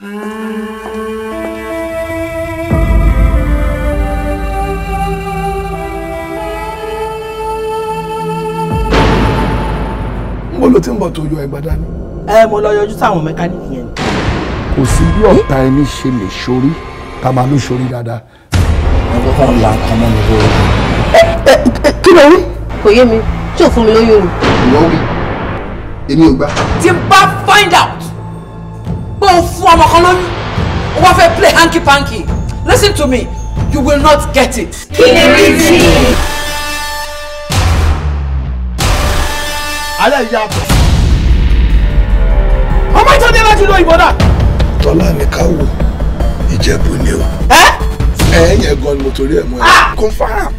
mo ló ti ń bọ̀ tó yọ ẹ̀gbá dání. ẹ mo lọ yọjú sáwọn mẹkáníìkì yẹn. kò sí bí ọ̀tá ẹni ṣe lè ṣorí ká máa ló ṣorí dáadáa. ẹ kọ́kọ́ ń la nǹkan mọ́ mi lórí. kí ló wí. kò yé mi tí ò fún mi lóyún o. ìwọ wí èmi ò gbà. tí bá find out pé play hanky panky listen to me you will not get it. kí ni reason. alẹ́ ìyá àbọ̀. ọmọ ìtọ́jú ẹ bá ti lo ìbọn náà. tọ́lá ni ká wò ni o. Eh? Eh? yẹn gan ni mo torí ẹ mọ ẹ. confam.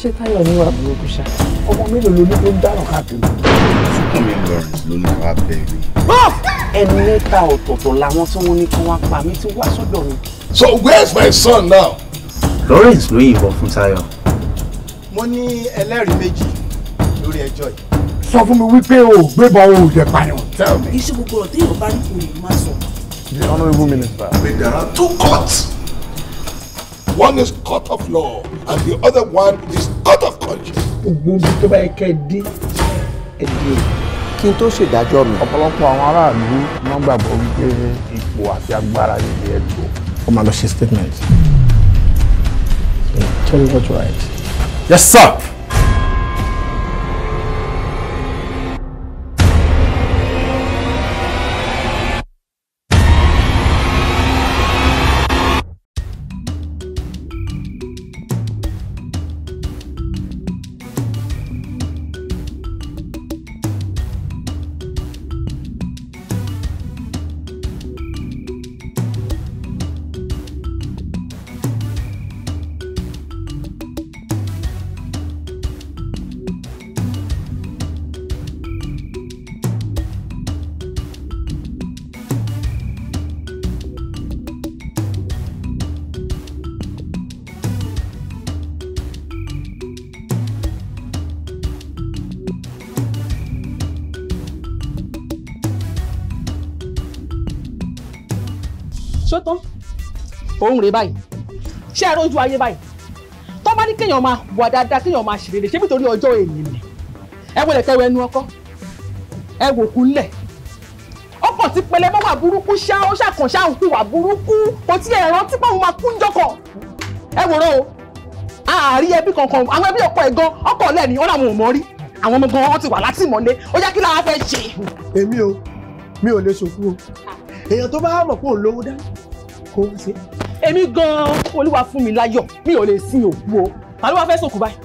ṣé táyọ̀ ní wàá burúkú ṣá ọmọ mélòó ló ní kó dáràn káàkiri mi Lawrence ló ní wá bẹ̀ mí. ẹni mẹ́ta ọ̀tọ̀ọ̀tọ̀ làwọn tí wọ́n ní kí wọ́n pa mí ti wá sọ́dọ̀ mi. So where's my son now? Lawrence ló yìnbọn fún Táyọ̀. mo ní ẹlẹ́rìí méjì lórí ẹjọ́ yìí. sọ fún mi wípé o ò gbébọn o ò jẹ pààyàn. iṣẹ́ gbogbo ọ̀rọ̀ téèyàn bá rí kò lè má sọ. The honourable minister. There are two courts. One is court of law and the other one is court of conscience. gbogbo tó bá yẹ kẹ́ ẹ dé NDA kí n tó ṣèdájọ́ mi. ọ̀pọ̀lọpọ̀ àwọn aráàlú wọ́n gbàgbọ́ wípé ipò àti agbára yìí ni ẹ lò. ó máa lọ ṣe statement. tell me what's right. yes sir. ṣó tán òun rèé báyìí ṣé ẹ rójú ayé báyìí tó bá ní kéèyàn máa wà dáadáa kéèyàn máa ṣèrèlè ṣé nítorí ọjọ́ ènìyàn ni ẹ wọlé kẹwẹ ẹnu ọkọ ẹ wò kú lẹ̀ ọkọ̀ ti pẹlẹ mọ́ wà burúkú ṣá ó ṣàkànṣá òkú wà burúkú kò tí ẹ rántí pé òun máa kú jọkọ̀ ẹ wòrán o àárí ẹbí kankan àwọn ẹbí ọkọ ẹ gan ọkọ lẹ́ni ọ̀nà àwọn ò mọ̀ rí àwọn ọmọ gan wọn ti wà látìmọ́lé ó yá kí lára fẹ́ ṣe. èmi o mi ò lè ṣòkú èèyàn tó bá mọ̀ pé òun lówó dá kó wá sí. èmi gan-an olúwa fún mi láyọ̀ mi ò lè sin òkú o ta ló wá fẹ́ sòkú báyìí.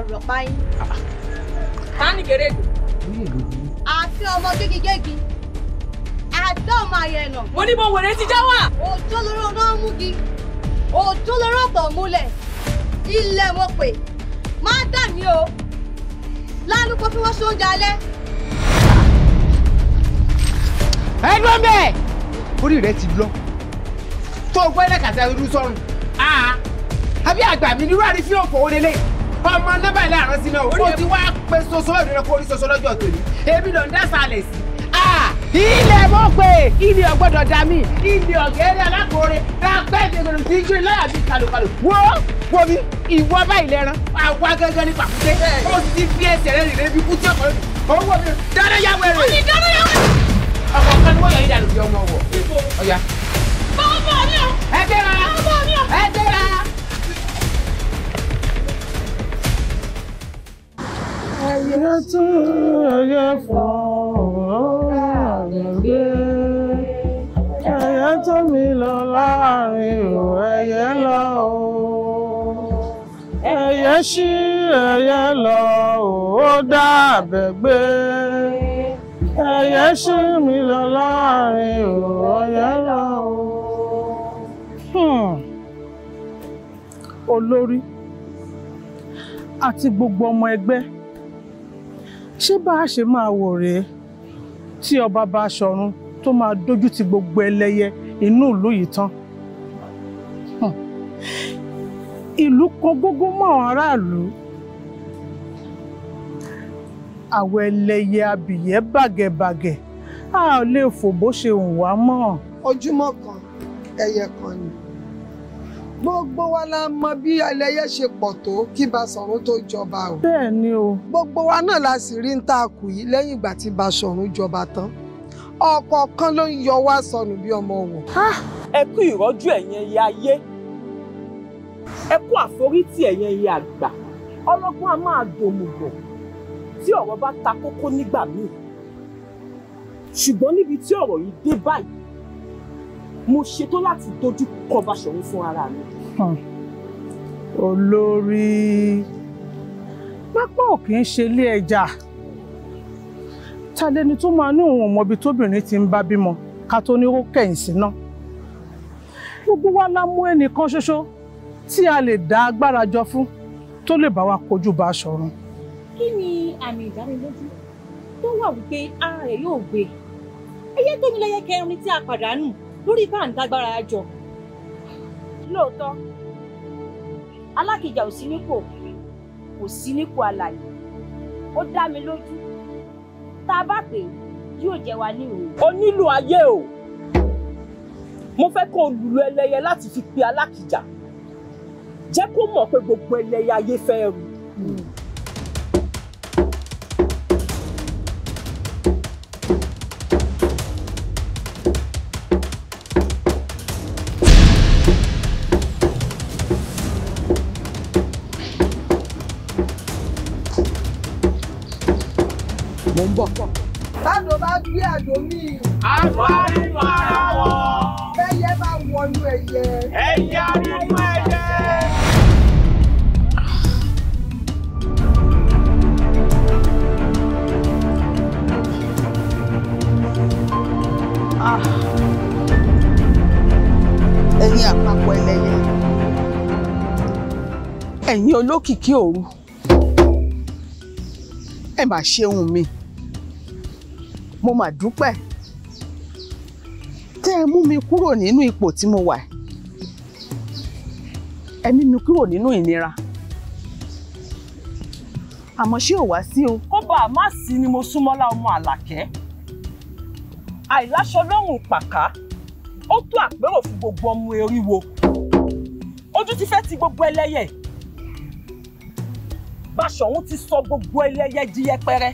àrò ọ̀pá yín. tani kèrègbè. àti ọmọ gégigégi àdá ọmọ àyẹ̀nà. mo ní mo wèrè ti já wà. òjò lóró náà mú gi òjò lóró bọ̀ múlẹ̀ ilẹ̀ mo pè má dà mí o lálùkò fún wọn sóúnjẹ alẹ́. ẹ dúró bẹ́ẹ̀. orí rẹ ti lọ tó o gbọ́ ẹ̀rẹ́ kàtà irú sọ́run ah. àbí àgbà mi nírú àrífín ọ̀pọ̀ òrèlè ọmọ nọ́mbà ilé àrán sí náà ó ti wá pé soso ìrìnà kó orí soso lọ́jọ́ tòní èmi ló ń dá sàlẹ̀ sí. ilé mo pè ilé ọgbọ́dọ̀ dá mi ilé ọ̀gẹ́rẹ́ alákòóre rápẹ́ ìdègbèrè tí ju iláyà bíi kàlùkàlù wo wo mi ìwọ báyìí lẹ́ran àwa gángan ní pàkúté ó ti fi ẹsẹ̀ rẹ̀ rìn ebi kú tí ọkọ̀ rẹ̀ owó mi dáná yà wẹ̀rẹ̀. ó ní dáná yà wẹ̀rẹ̀. ọkọ̀ kan ni wọ́n yà ń dànù bí ọmọ wọ̀ ọ̀ya. bọ́ọ̀ bọ́ọ̀ ni o. ẹ ẹyẹ tó ẹyẹ fọ àgbègbè ẹyẹ tó mi lọ láàrin ò ẹyẹ lọ o ẹyẹ ṣí ẹyẹ lọ ó dá àbẹ̀gbé ẹyẹ ṣí mi lọ láàrin ò ẹyẹ lọ o. olórí àti gbogbo ọmọ ẹgbẹ́ ṣé bá a ṣe máa wò rèé tí ọba bá aṣọrun tó máa dójú ti gbogbo ẹlẹ́yẹ inú ìlú yìí tán ìlú kan gógó mọ́ àwọn aráàlú àwọn ẹlẹ́yẹ abìyẹ́ bàgẹ̀bàgẹ̀ a ò lè fò bó ṣe hùwà mọ́. ojúmọ́ kan ẹyẹ kan ni gbogbo wa la mọ bí ẹlẹ́yẹ ṣe pọ̀ tó kí Basọ̀run tó jọba o. bẹ́ẹ̀ ni o. gbogbo wa náà la sì rí ń ta àkù yìí lẹ́yìn ìgbà tí Basọ̀run jọba tán ọ̀kọ̀ọ̀kan ló ń yọ wá sọnù bí ọmọ wọn. ẹ kú ìrọ́jú ẹ̀yin ẹyẹ ayé ẹ kú àforítì ẹ̀yin ẹyẹ àgbà ọlọ́gbọ́n a máa dòmùgọ̀ tí ọ̀rọ̀ bá ta kókó nígbà míì ṣùgbọ́n níbi tí ọ̀rọ̀ yìí dé báyìí mo ṣetán láti dojú kọ Basọ̀run fún ara mi olórí pápá ò kì í ṣe ilé ẹja tàlẹ́ni tó máa ní òun ọmọbi tóbìnrin ti ń bá bímọ ká tó ní ó kẹ̀yìn sí náà gbogbo wa la mú ẹnìkan ṣoṣo tí a lè dá agbára jọ fún tó lè bá wa kojú bá aṣọ ọrùn. kí ni àmì ìdánilójú tó wà wípé ara rẹ̀ yóò gbé ẹyẹ tómi lẹ́yẹ kẹrin tí a pàdánù lórí bá ń dágbára jọ lóòótọ́ alákìjà ò sí nípò kò sí nípò alàyè ó dá mi lójú tá a bá pè yóò jẹ wa ní ìwé. o nílò ayé o mo fẹ́ kó o lùlù ẹlẹ́yẹ láti fi pe alákìjà jẹ́ kó mọ̀ pé gbogbo ẹlẹ́yẹ ayé fẹ́ rù. Mm. ẹlòmíì. àpárínú ara wọn. bẹ́yẹ bá wọnú ẹyẹ. ẹyẹ ẹ̀yin àpapọ̀ ẹlẹ́yẹ ẹ̀yin olókìkí òru ẹ mà ṣeun mi mo mà dúpẹ́ tẹ́ ẹ mú mi kúrò nínú ipò tí mo wà ẹ mú mi kúrò nínú ìnira àmọ́ ṣé ò wá sí o. kó bá a má sí ni mo súnmọ́lá ọmọ àlàkẹ́ àìláṣọ lọ́rùn pàká ó tó àpérò fún gbogbo ọmọ eríwo ojú ti fẹ́ ti gbogbo ẹlẹ́yẹ Báṣọ̀run ti sọ gbogbo ẹlẹ́yẹ di yẹpẹrẹ.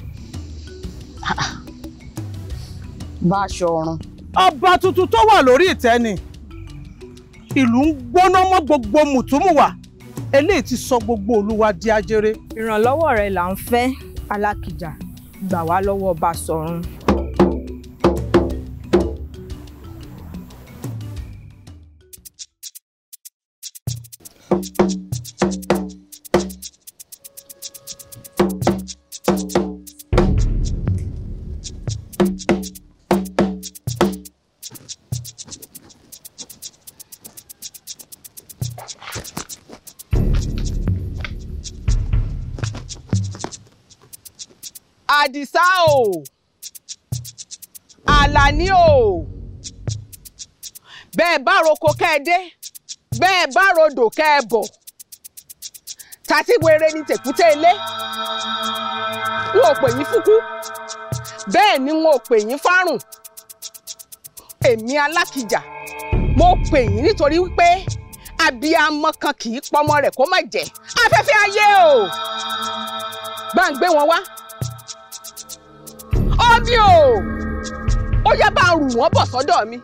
Báṣọ̀run. ọba tuntun tó wà lórí ìtẹ́ ni ìlú ń gbóná mọ́ gbogbo mùtúmùwà eléyìí ti sọ gbogbo olúwa di ajere. ìrànlọ́wọ́ rẹ̀ là ń fẹ́ alákìjà gbà wá lọ́wọ́ Báṣọ̀run. Thank you. Ìsá o Àlàní o bẹ́ẹ̀ bá roko kẹ́ bẹ́ẹ̀ bá rodò kẹ́ ẹ ni tèkúté ilé n ò pè yín fúkú bẹ́ẹ̀ ni n ò pè yín fárùn èmi alákìjà mo pè yín nítorí wípé abiyamọ kan kì í pọmọ rẹ̀ kó má jẹ afẹ́fẹ́ ayé o gbàǹgbé wọn wá ọ́díò ó yẹ bá rù wọ́n bọ̀ sọ́dọ̀ mi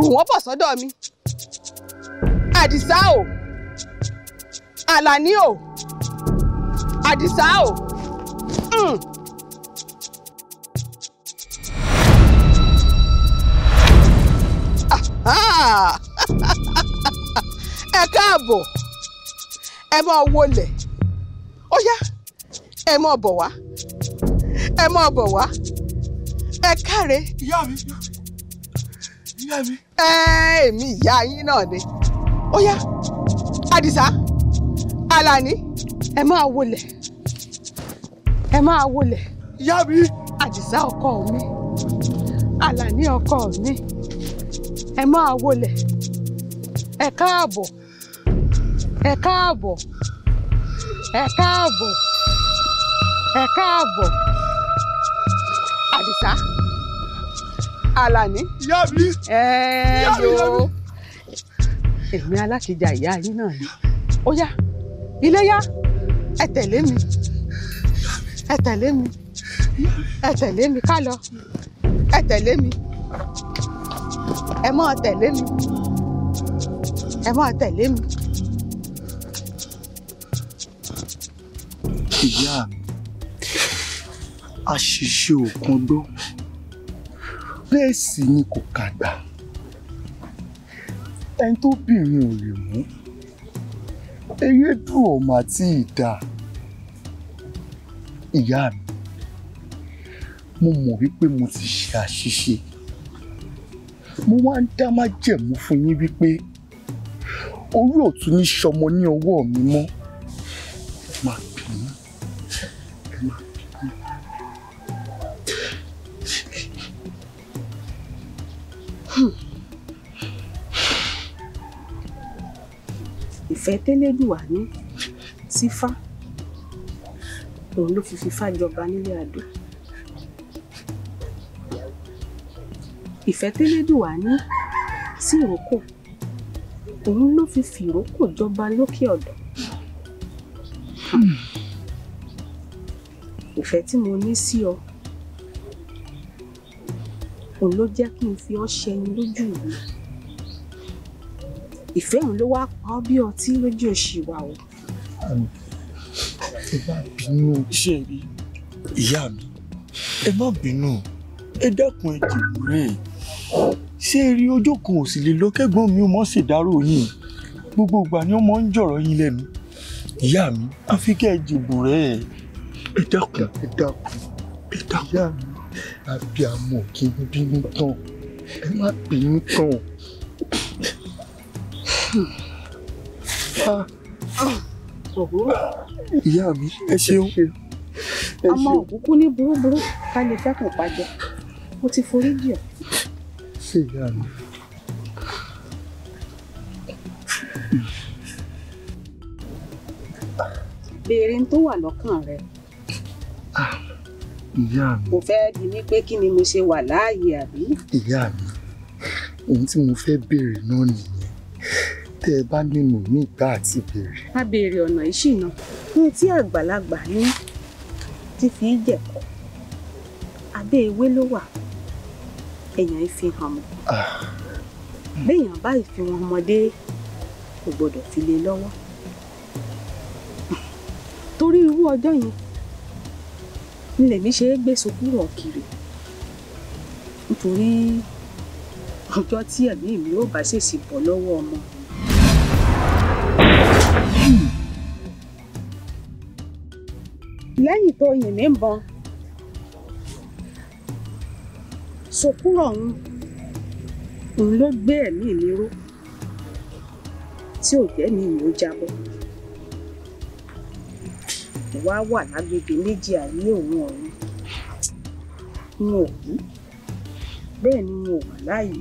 rù wọ́n bọ̀ sọ́dọ̀ mi àdìsá o àlàní o àdìsá o. Mm. ẹ káàbọ̀ ẹ máa wọlé ó yá ẹ máa bọ̀ wá ẹ máa bọ̀ wá ẹ káre. ìyá mi ìyá mi. ẹ èmi ìyá yín náà ni ó yá àdìsá alani ẹ máa wọlé ẹ máa wọlé. ìyá mi. àdìsá ọkọ mi alani ọkọ mi ẹ máa wọlé ẹ káàbọ̀ ẹ káàbọ̀ ẹ káàbọ̀ ẹ káàbọ̀ àdìsá alani. yábí yábí yábí. èmi alákìjà ìyá yín náà ni ó yá iléyá ẹ tẹ̀lé mi ẹ tẹ̀lé mi ẹ tẹ̀lé mi ká lọ ẹ tẹ̀lé mi ẹ máa tẹ̀lé mi ẹ máa tẹ̀lé mi. ìyá mi àṣìṣe ò kan gbọ́ bẹ́ẹ̀ sì ni kò kàgbà ẹni tó bìnrin ò lè mú erédùn ọ̀mà tí ìdá ìyá mi mo mọ̀ wípé mo ti ṣe àṣìṣe mo wá ń dá májẹ̀mú fún yín wípé orí òtún ní sọmọ ní ọwọ́ mi mọ́ máa ìfẹ́ tẹ́lẹ́dùwà ní sífá òun ló fi fífá jọba nílé àdó ìfẹ́ tẹ́lẹ́dùwà ní sí ìrókò òun ló fi fìrókò jọba lókè ọ̀dọ̀ ìfẹ́ tí mo ní sí ọ òun ló jẹ́ kí n fi ọ́ ṣẹyin lójú ìlú ìfẹ́ òun ló wá pa ọ́ bí ọtí lójú òṣì wa o. ẹ má bínú ṣe rí ìyá mi ẹ má bínú ẹ dákun ẹ jìbù rẹ ṣé rí ojú kan ò sì lè lọ kẹ́gbọ́n mi ò mọ̀ ṣèdárò yìí gbogbo ìgbà ni ó mọ̀ ń jọ̀rọ̀ yín lẹ́nu ìyá mi àfi kẹ́ ẹ jìbù rẹ ẹ dákun ẹ dákun ìyá mi àbí àmọ̀ kí n bínú tán ẹ má bínú tán ìyá mi ẹ ṣeun. ọmọ òkúkú ní burúburú ká lè fẹ́kùn pàjẹ́ mo ti forí jì ọ́. ṣé ìyá mi. béèrè tó wà lọ́kàn rẹ. ìyá mi. mo fẹ́ bi mí pé kí ni mo ṣe wà láàyè àbí. ìyá mi ohun tí mo fẹ́ béèrè náà nìyẹn tẹ́ ẹ bá lè mú ní àti ìbéèrè. a béèrè ọ̀nà ìṣìnà ní tí àgbàlagbà ní ti fi í jẹ̀kọ́ abẹ́ ewé ló wà èèyàn fi hàn mọ́ ah. hmm. béèyàn báyìí fi wọn ọmọdé kò gbọdọ̀ fi lé lọ́wọ́ torí irú ọjọ́ yẹn ni lèmi ṣe é gbé sokúrò kiri nítorí ọjọ́ tí ẹ̀mí mi ò bá ṣèṣì bọ́ lọ́wọ́ ọmọ lẹ́yìn tó yìn mí ń sòkúrọ̀ ọ̀hún ló gbé ẹ̀mí mi ró tí ò jẹ́ mi ìlú jábọ́ wá wà lágbègbè méjì ayé òun ọ̀run n ò kú bẹ́ẹ̀ ni n wà láàyè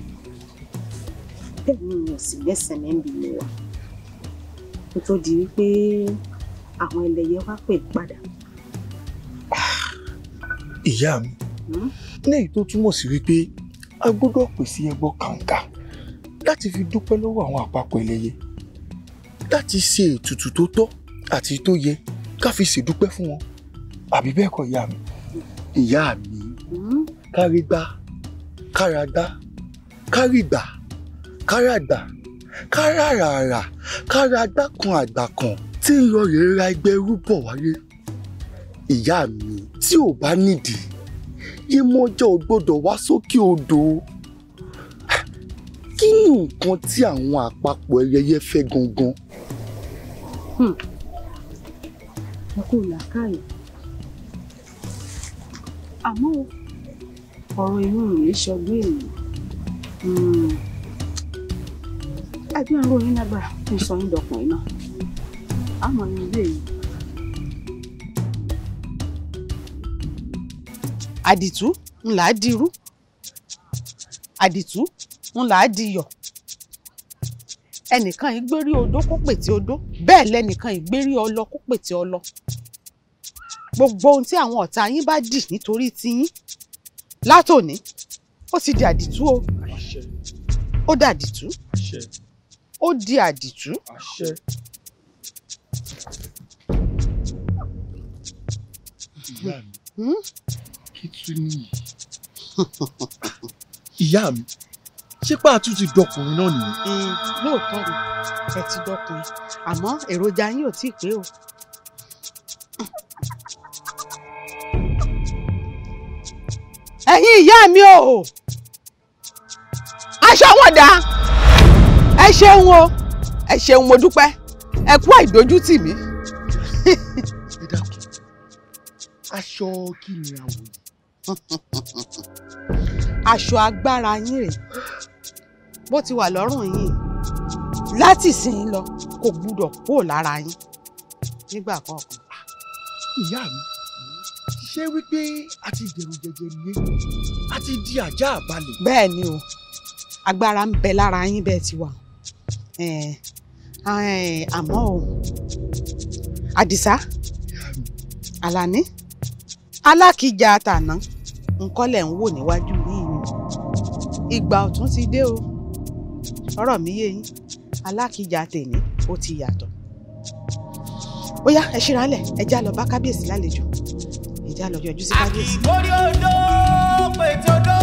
bẹ́ẹ̀ ni n sì lẹ́sẹ̀ mẹ́bí mi wà kó tó di wípé àwọn ẹlẹ́yẹ wá pè padà. ìyá mi léyìí hmm? tó túmọ̀ sí wípé a gbọ́dọ̀ pèsè ẹgbọ́ kàǹkà láti fi dúpẹ́ lọ́wọ́ àwọn àpapọ̀ ẹlẹ́yẹ láti ṣe ètùtù tó tọ́ àti tó yẹ ká fi ṣèdúpẹ́ fún wọn àbí bẹ́ẹ̀ kọ́ ìyá mi ìyá mi hmm? kárí gbá kára gbá kárí gbà kára gbà káràràrà kára agbákan àgbàkan tí ń lọ rèé ra ẹgbẹ́ wáyé ìyá mi tí ò bá nídìí Yemọja ò gbọ́dọ̀ wá sókè odò kí ni nǹkan tí àwọn àpapọ̀ ẹyẹyẹ fẹ́ gangan. ọkọ hmm. làákàyè àmọ́ ọ̀rọ̀ inú rèé ṣọgbọ́n èèyàn. Hmm ẹbí ọ̀rọ̀ yín lágbára kí n sọ yín dọkùnrin náà àmọ́ ní ilé yìí. àdìtú ńlá dirú àdìtú ńlá diyọ̀ ẹnìkan ìgbérí odó kó pètè odó bẹ́ẹ̀ lẹ́nìkan ìgbérí ọlọ kó pètè ọlọ gbogbo ohun tí àwọn ọ̀tá yín bá dì nítorí tiyín látòní ó ti di àdìtú o ó dàdìtú. Àṣẹ ó di àdìtú. àṣẹ. ìyá mi hmm? kí tún nìyí. ìyá mi ṣé pàtó ti dọkùnrin náà nìyí. lóòótọ́ ni ẹ ti dọkùnrin àmọ́ èròjà yín ò tí ì pé o. ẹ̀yin ìyá mi o aṣọ wọn dáa ẹ ṣeun o ẹ ṣeun mo dúpẹ́ ẹ kú àìdójútì mi. ẹ dákun aṣọ kí ni àwọ̀ yìí. aṣọ agbára yín rèé bó ti wà lọ́rùn yín láti sìn lọ kò gbúdọ̀ kúrò lára yín nígbà kọ̀ọ̀kan. ìyá mi ṣé wípé a ti dèrò jẹjẹ nílé a ti di ajá àbálẹ̀. bẹ́ẹ̀ ni o agbára ń bẹ lára yín bẹ́ẹ̀ ti wà. Eh, eh, àmọ́ o àdìsá àlàní alákìjà àtàná nǹkan lẹ̀ ń wò níwájú yìí ni ìgbà ọ̀tún ti dé o ọ̀rọ̀ mi yé yín alákìjà tèmi ó ti yàtọ̀ ó yá ẹ ṣíra lẹ̀ ẹ já lọ bá kábíyèsí lálejò ẹ já lọ yọjú sí kábíyèsí. àkìgbórí odò pètè odò.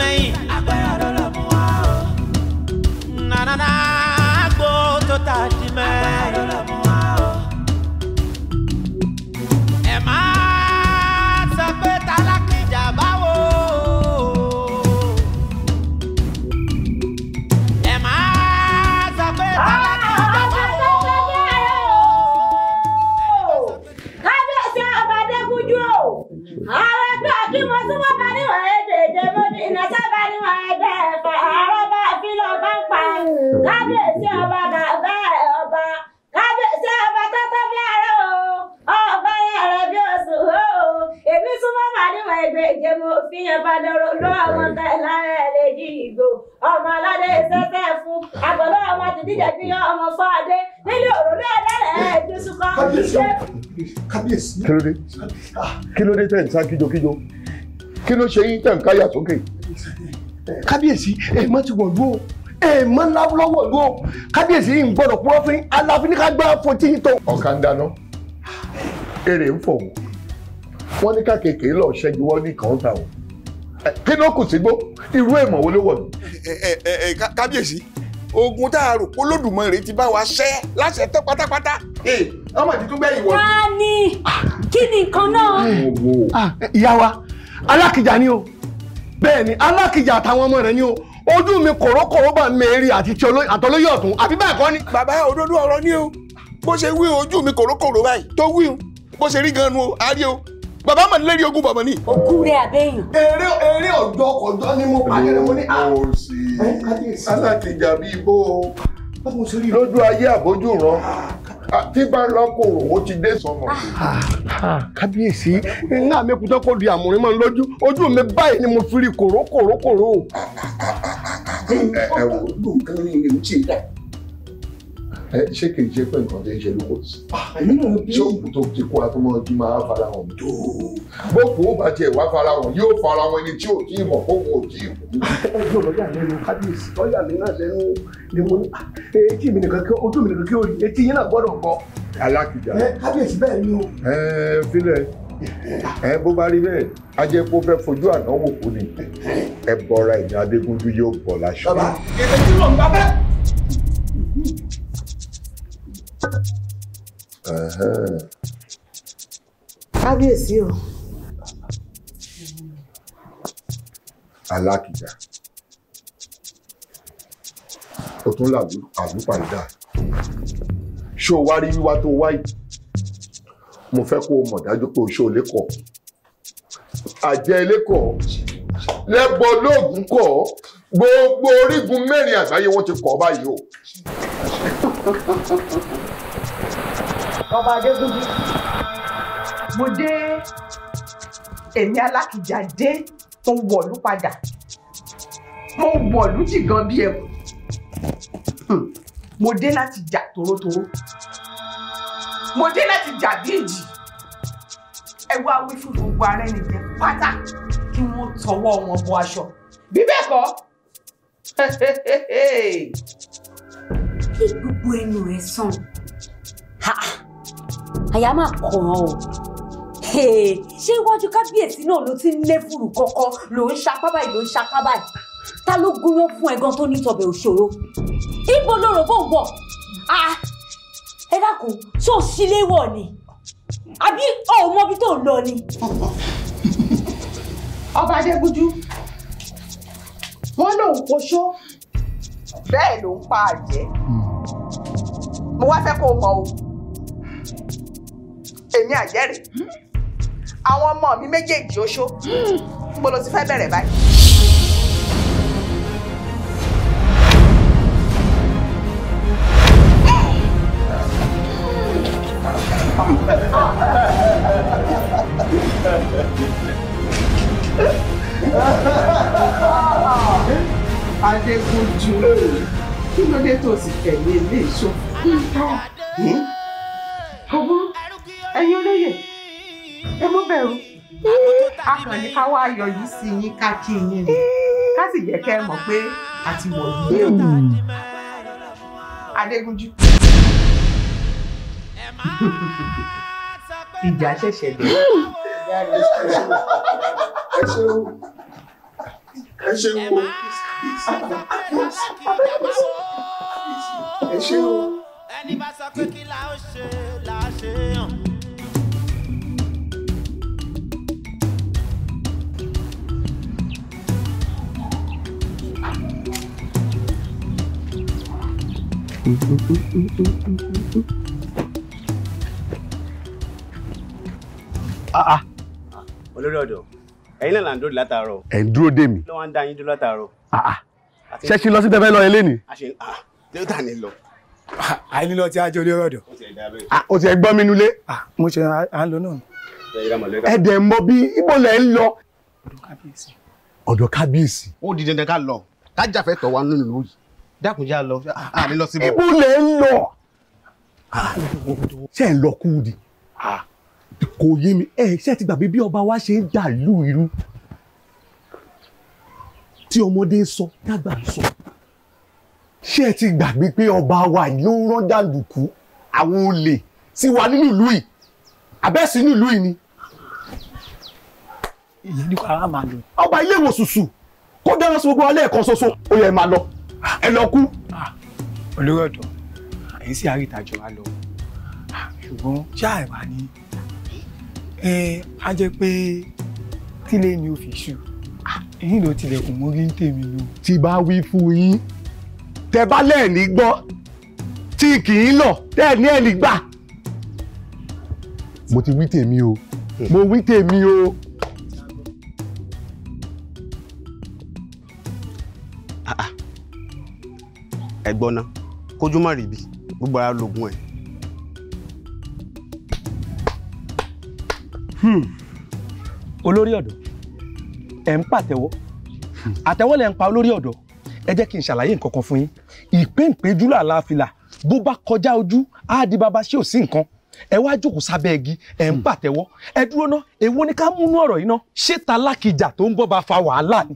தனிமை kí ló dé tẹ̀ ń sá kíjokíjo kí ló ṣe yín tẹ̀ ń káyà sókè kábíyèsí ẹ má ti wọ̀lú o ẹ má lọ́wọ́ lú o kábíyèsí yìí ń gbọ́dọ̀ purọ́ fún aláfin ní ká gbá fotí tó. ọ̀ka ń dáná èrè ń fòun wọ́n ní kákèké lọ ṣẹ́jú wọ́n ní kàn ta o kí ló kù sígbó irú èèmọ̀ wo ló wọ̀ ní. kábíyèsí ogun tá a rò pé Olódùmarè ti bá wa ṣẹ́ láṣẹ tán pátápátá ọmọ ìdíkún gbẹ̀yìn wọ̀. ká ní kí ni nǹkan náà. Ah, ìyá wa alákìjà ni o bẹ́ẹ̀ ni alákìjà àtàwọn ọmọ rẹ̀ ni o ojú mi kòrókòró bá mẹ́rin àti àtọlóyè ọ̀tún àbí bẹ́ẹ̀ kọ́ ni. bàbá òdodo ọ̀rọ̀ ni o bó ṣe wí ojú mi kòrókòró báyìí tó wí o bó ṣe rí gan nu o àárí o bàbá mà nílẹ̀ rí ogún bàbá ni. òkú rẹ àbẹ́yìn. eré eré ọjọ́ ọjọ́ ni mo pàdé rẹ mo ní. Ah. o sì alákìjà bíi bó o lójú ayé àbójú rán tí bá ń lọ kòrò ó ti dé sọmọ. kábíyèsí ńlá mi kú tó kó di àmúrin mọ́ lójú ojú mi báyìí ni mo fi rí kòrò kòrò kòrò. ẹ ẹ wo nǹkan ní ìlú ṣe dáa ṣé kì í ṣe pé nǹkan tó ń ṣe ló kò sí. Ah, èmi náà bí ṣóògùn tó ti kó atọ́mọ ojú máa fara hàn tó. bókù ó bá tiẹ̀ wá fara hàn yóò fara hàn ẹni tí ò tí ì mọ̀ fóun ò tí ì mọ̀. ẹjọ́ lọ́yà lẹ́nu kábíyèsí lọ́yà mi náà lẹ́nu ni mo ní ah, etí mi nìkan kí ojú mi nìkan kí orí etí yín náà gbọ́dọ̀ gbọ́. alákìjà kábíyèsí bẹ́ẹ̀ ni o. ẹ ẹ filẹ ẹ bó bá rí bẹ́ẹ̀ a jẹ́ kó fẹ́ fojú àná wò kú ni ẹ bọra ìyá adégúnjú yóò bọ̀ láṣọ. bàbá ètò ìlú ọ̀ kábíyèsí o. alákìjà o tún làbú àbúpàdà ṣé o wá rí wíwá tó wá yìí mo fẹ́ kó o mọ̀ dájú pé o ṣe o lẹ́kọ̀ọ́ àjẹ́ lẹ́kọ̀ọ́ lẹ́bọ̀ lóògùn kọ̀ gbogbo orígun mẹ́rin àgbáyé wọ́n ti kọ̀ báyìí o. ọba adégúnjú mo dé èmi alákìjà dé mo wọ̀lú padà mo wọ̀lú jìgan bí ẹ̀kú hmm. mo dé láti jà torótoró mo dé láti jà bí ìjì ẹ wá wí fún gbogbo ara ẹni jẹ pátá kí wọ́n tọwọ́ wọn bọ aṣọ bí bẹ́ẹ̀ kọ́ kí gbogbo ẹnu ẹ sàn àyà máa kàn ọ́ ṣé iwájú kábíyèsí náà ló ti ń lé fùrù kọ́kọ́ ló ń ṣapá báyìí ló ń ṣapá báyìí ta ló gúnyán fún ẹgan tó ní tọbẹ̀ òṣòro ibo ló rò bó wọ̀ ẹ dákun tó sílé wọ̀ ni àbí ọmọ ibi tó ń lọ ni. ọba adégúnjú wọn lòun poṣó bẹ́ẹ̀ ló ń pa àjẹ́ hmm. mo wá fẹ́ kó mọ̀ o èmi àjẹrè àwọn ọmọ mi méjèèjì oṣó mo ló ti fẹ́ bẹ̀rẹ̀ báyìí. Adékúnjú kí ló dé tó sì tẹ̀lé ilé ìṣòfò? bẹ̀rù akàn ní ká wá yọ yìí sí yín ká kí yín ni ká sì jẹ́ kẹ́ mọ̀ pé àti wọ̀ yìí o Adégúnjú ìjà ṣẹ̀ṣẹ̀ bẹ̀rẹ̀. ẹ ṣeun ẹ ṣeun ẹ ṣeun. ẹni bá Ah ah, olórí ọ̀dọ̀ ẹ̀yin náà là ń dúró de látàárọ̀. ẹ̀ ń dúró dè mí. ló wá ń da yín dúró látàárọ̀. Ah, ah. ṣẹ́ṣin lọ sí tẹ́fẹ́ lọ eléni. ṣé ah, tà ní lọ. àìní lọ tí a jẹ olórí ọ̀dọ̀. o ti ẹ̀ gbọ́ mi nulẹ̀. mo ṣe à ń lọ náà. ẹ̀dẹ̀ mọ bí ibo lẹ̀ ń lọ. ọ̀dọ̀ kábíyèsí. ó di dandan ká lọ ká jàfẹ́ tọ̀ wá nínú ìlú yìí dákúnjá lọ àní lọ síbò. ibo lẹ ń lọ ṣe ń lọ kú di kò yé mi ẹ ṣe ti gbàgbé bí ọba wa ṣe ń dà lù irú tí ọmọdé sọ dàgbà sọ ṣé ẹ ti gbàgbé pé ọba wa ló ń rán jàǹdùkú àwọn olè sí wa nínú ìlú yìí àbẹ́sí nínú ìlú yìí ni. ìyẹn ní kò ara máa lò. ọba ilé ìwòsùsù kó dáná sí gbogbo alẹ́ ẹ̀kan ṣoṣo ó yẹ máa lọ ẹ lọ kú. Ah. olórí ọ̀dọ́ èyí sì àríìtàjọ wa lọ ah, ṣùgbọ́n ṣáà wà ní ẹ á jẹ́ pé tílé mi ò fi ṣù èyí ah, ló tilẹ̀kùn mórí ń tèmi lò. tí bá wí fún yín tẹ bá lẹ́ẹ̀ni gbọ́ tí kì í lọ lẹ́ẹ̀ni ẹ̀ni gbà. mo ti wí tèmi o mo wí tèmi o. ẹ̀gbọ́n náà kójú má ríbi gbogbo ara lògùn ẹ̀. Hmm. olórí ọ̀dọ́ ẹ̀ ń pàtẹ́wọ́ àtẹ́wọ́ lẹ̀ ń pa olórí ọ̀dọ́ ẹ jẹ́ kí n ṣàlàyé nǹkan kan fún yín ìpéǹpéjú làlàáfilà bó bá kọjá ojú á di bàbá ṣé ò sí nǹkan ẹ wá jókòó sábẹ́ igi ẹ ń hmm. pàtẹ́wọ́ ẹ dúró ná èwo ni ká múnú ọ̀rọ̀ yìí ná ṣé ta lákìjà tó ń bọ́ bá fa wàhálà ni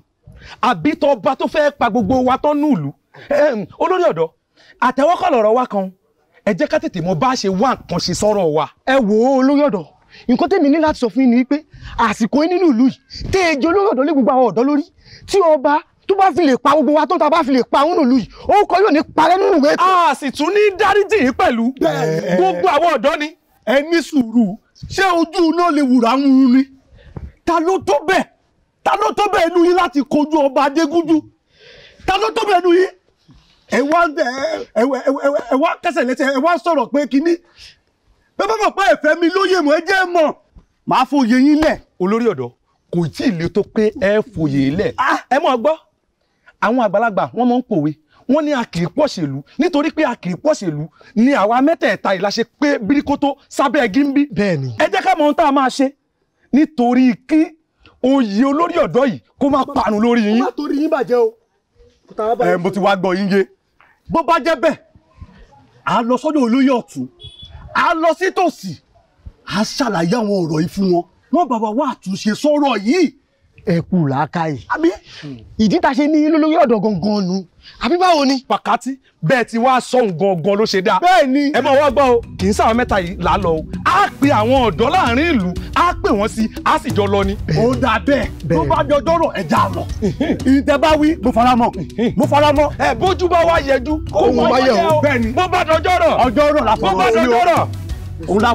àbí tọba tó fẹ́ pa gbogbo wa tán nùlù olórí ọ̀dọ́ àtẹwọ́kọ̀ lọ̀rọ̀ wa kan ẹ jẹ́ ká tètè mọ bá a ṣe wá nǹkan ṣe sọ́rọ̀ wa. ẹ wò ó olórí ọ̀dọ́ nǹkan tèmi ní láti sọ fún yín ni pé àsìkò yín nínú ìlú yìí tẹ́ ẹ jẹ́ olórí ọ̀dọ́ lé gbogbo àwọn ọ̀dọ́ lórí tí ọba tó bá fi lè pa gbogbo wa tó ta bá fi lè pa òun nùlù yìí òun kọ yóò ní parẹ́ nínú ìwé. a sì tún ní dáríjì yìí pẹ̀lú gbogbo àwọn ọ̀dọ́ ni. ẹ ní sùúrù ṣé ojú iná lè wùrà ń run ni ta ló tó bẹ́ẹ̀ ta ló tó bẹ́ẹ̀ nú yín láti kojú ọba adégúnjú ta ló tó bẹ́ẹ̀ nú yín ẹ wá ẹ wá kẹsẹ̀ lẹ́sẹ̀ ẹ wá sọ̀rọ̀ pé kínní bẹ́ẹ̀ bá mọ̀ pé ẹ̀fẹ́ mi lóye mọ̀ ẹ jẹ́ mọ̀ màá fòye yín lẹ̀. olórí ọ̀dọ́ kò tí ì le tó pé ẹ fòye lẹ̀ ah! ẹ mọ̀ gbọ́ àwọn àgbàlagbà wọ́n mọ̀ ń pòwe wọ́n ní a pọ̀ṣèlú nítorí pé a pọ̀ṣèlú ni àwa mẹ́tẹ̀ẹ̀ta ìlàṣẹ pé bíríkótó sábẹ́ gímbí. bẹ́ẹ̀ni. ẹ jẹ́ ká mọ ohun tá a máa ṣe nítorí kí oyè olórí ọ̀dọ́ yìí kó má parun lórí yín. kó má torí yín bàjẹ́ o. ẹ mo ti wá gbọ́ yín yé bó bá jẹ́ bẹ́ẹ̀ à lọ sọ́dọ̀ olóyè ọ̀tún à lọ sí tòsí à ṣàlàyé àwọn ọ̀rọ̀ yìí fún wọn wọ́n bá wa wá àtúnṣe sọ̀rọ̀ yìí ẹ kú làákàyè. àbí hmm. ìdí ta ṣe ní lólórí ọ̀dọ̀ gangan nu àbí báwo ni. pàkátí bẹ́ẹ̀ ti wá sọhùn gangan ló ṣe dáa. bẹ́ẹ̀ ni. ẹ máa wá gbọ́ o kì í sáwọn mẹ́ta yìí là á lọ o á pe àwọn ọ̀dọ́ láàrin ìlú á pè wọ́n sí á sì jọ lọ ni. ó dà bẹ́ẹ̀ tó bá jọjọ́ rọ̀ ẹ̀já lọ. ìtẹ́ bá wí mo fara mọ́ mo fara mọ́. ẹ bójú bá wá yẹjú kó wọ́n wá yẹ o bẹ́ẹ̀ ni bó bá dọjọ́ rọ̀ ọjọ́ rọ̀ la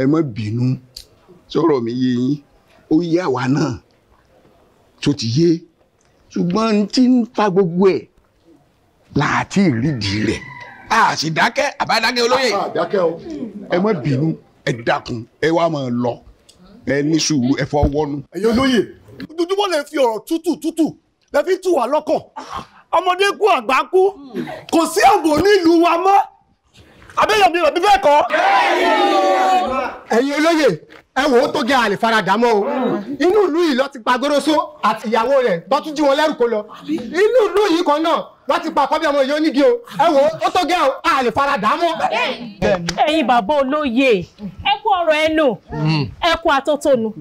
ẹ má bínú sọ̀rọ̀ mi yé yín ó yé àwa náà tó ti yé ṣùgbọ́n tí ń fa gbogbo ẹ̀ láti ìrídìí rẹ̀ a sì dákẹ́ àbádákẹ́ olóyè ẹ má bínú ẹ dákun ẹ wá máa lọ ẹ ní sùúrù ẹ fọwọ́nú. ẹ̀yin olóyè dojúmọ́ lè fi ọ̀rọ̀ tútù tútù lè fi tù wá lọ́kàn ọmọdé kú àgbà kú kò sí ààbò nílùú wa mọ́ abẹ́yẹ̀mí rẹ̀ bí bẹ́ẹ̀ kọ́. ẹ̀yin olóyè ẹwọ wò tó gẹ àlè mọ o inú ìlú yìí ti pa goroso àti ìyàwó rẹ tó wọn lẹrùkọ lọ inú ìlú yìí kan náà wọ́n ti pa ọmọ yìí onígi o ẹwọ ó tó gẹ àlè faradàmọ́. ẹ̀yin bàbá olóye ẹ atótónu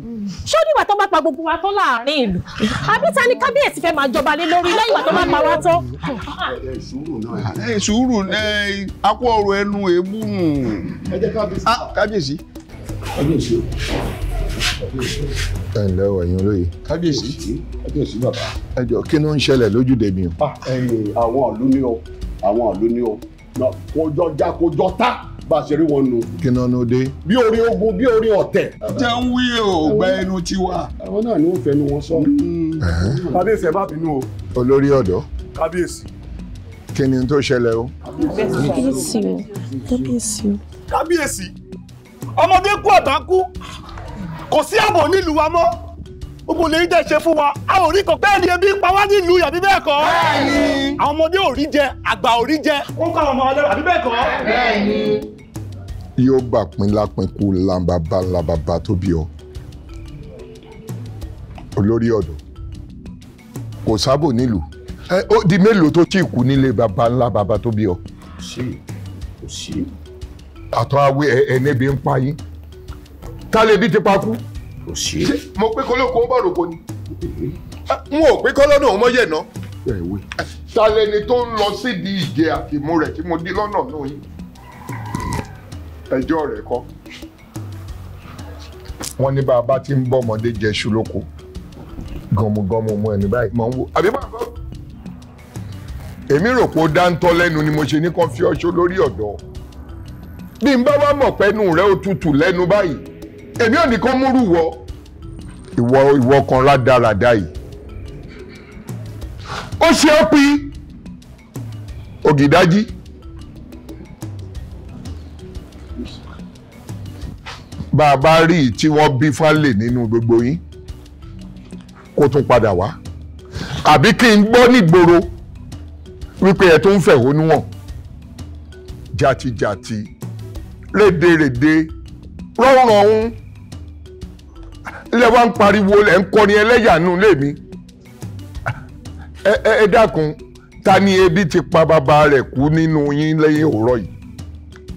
ṣé ó nígbà tó pa gbogbo wa láàrin ìlú ni kábíyèsí máa jọba lé lórí tó pa kábíyèsí o ẹ ǹlẹ́ o ẹ̀yin olóye. kábíyèsí kábíyèsí bàbá. ẹ jọ kí ló ń ṣẹlẹ̀ lójúde mi o. Ah, àwọn ìlú ni o àwọn ìlú ni o kójọ já kójọ tá bá a ṣe rí wọn nù. kí náà ló dé. bí orí ogun bí orí ọ̀tẹ̀. jẹ́ ń wí òògbà ẹnu tiwa. àwọn náà ni ó fẹnu wọn sọ. kábíyèsí ẹ má bínú o. olórí ọ̀dọ́. kábíyèsí. kí ni tó ṣẹlẹ̀ o. kábíyèsí o kábíyèsí o. kábíyèsí ọmọdé kú ọ̀tá kú kò sí ààbò nílùú wa mọ́ gbogbo lè dẹ̀ ṣe fún wa a ò rí kan bẹ́ẹ̀ ni ebi ń pa wá nílùú yàbí bẹ́ẹ̀ kọ́ bẹ́ẹ̀ni àwọn ọmọdé ò rí jẹ àgbà ò rí jẹ ó ń kọ́ àwọn ọmọ ọlọ́run àbí bẹ́ẹ̀ kọ́ yóò gbà pín lápín kú làǹbàbà làǹbàbà tó bí ọ olórí ọ̀dọ́ kò sábò nílùú ó di mélòó tó tí ì kú nílé bàbá ńlá bàbá tó bí ọ. kò sí kò sí àtọ́ awé ẹ̀ẹ́nẹ́bí ń pa yín tálẹ́bí ti pa kú. kò sí. mo pé kọ́lọ́kọ́ ó bọ̀rọ̀ kò ní. n ò pé kọ́lọ́nà òun mọ́yẹ̀ ná. tálẹ́ni tó ń lọ sídìí ìjẹ àtìmú rẹ̀ tí mo dí lọ́nà náà yìí ẹjọ́ rẹ̀ kọ́. wọ́n ní bàbá tí ń bọ́ ọmọdé jẹ iṣu lóko gọmugọmu mu ẹni báyìí mọ̀ ń wo àbí bàbá èmi rò pé ó dáńtọ́ lẹ́nu ni mo ṣe ní kàn fi ọṣọ lórí ọ̀dọ́ bí n bá wá mọ̀ pẹ́nu rẹ ó tutù lẹ́nu báyìí èmi ò ní kó múrù wọ ìwọ ìwọ kan rádaràda yìí ó ṣe ọ́ pí ògìdájí. bá a bá rí i tí wọ́n bí fálè nínú gbogbo yín kó tún padà wá àbí kí n gbọ́ nígboro wípé ẹ tó ń fẹ̀hónú hàn jàtijàti. jati lédèrèdè rọ́rùn ilé wa ń pariwo lẹ̀ ń kọrin ẹlẹ́yàánú lèmi ta ni ebi ti pa bàbá rẹ kú nínú yín lẹ́yìn òwúrọ̀ yìí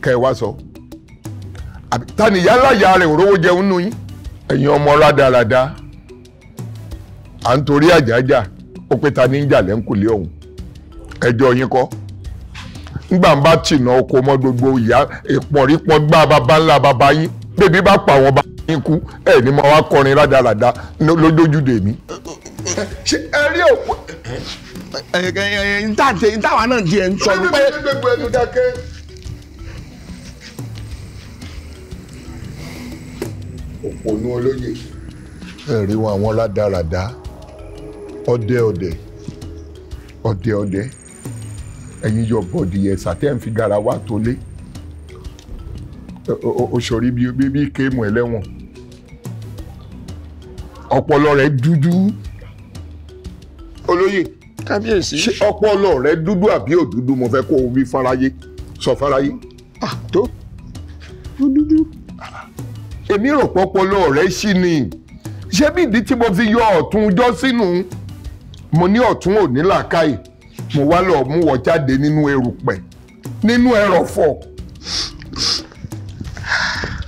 kẹ́ sọ ta ni ìyá rẹ òrówó jẹun nínú yín ẹ̀yin ọmọ rádaràda à ń torí àjàjà ó pé ta ni ń jà lẹ́ńkùlé ọ̀hún ẹjọ́ ńgbà ń bá tìǹà oko mọ́ gbogbo ìyá ìpọ̀nrípọ̀n gbá bàbá ńlá baba yín bébí bá pa àwọn bàbá yín kú ẹ̀ ní máa wá kọrin rádaràda lójúde mi. ṣe ẹ rí òkú ntàtẹ ntàwa náà di ẹ ń sọ pé. òpònú olóye. ẹ rí wọn àwọn rádaràda ọdẹ ọdẹ ọdẹ ọdẹ ẹ̀yin yọ bọ̀dì ẹ̀sà tẹ́ ń fi garawa tó lé òṣòrí bíi bíi kéèmù ẹlẹ́wọ̀n ọpọlọ rẹ̀ dúdú olóyè kábíyèsí ṣé ọpọlọ rẹ̀ dúdú àbí òdúdú mo fẹ́ kó o wí fáráyé sọ fáráyé. àtó ó dúdú. èmi rò pọpọlọ rẹ̀ ṣì ni ṣé bí ìdí tí mo fi yọ ọ̀tún jọ́sínú mo ní ọ̀tún ò làákàyè mo wá lọ mú wọ jáde nínú erùpẹ̀ nínú ẹrọ̀fọ̀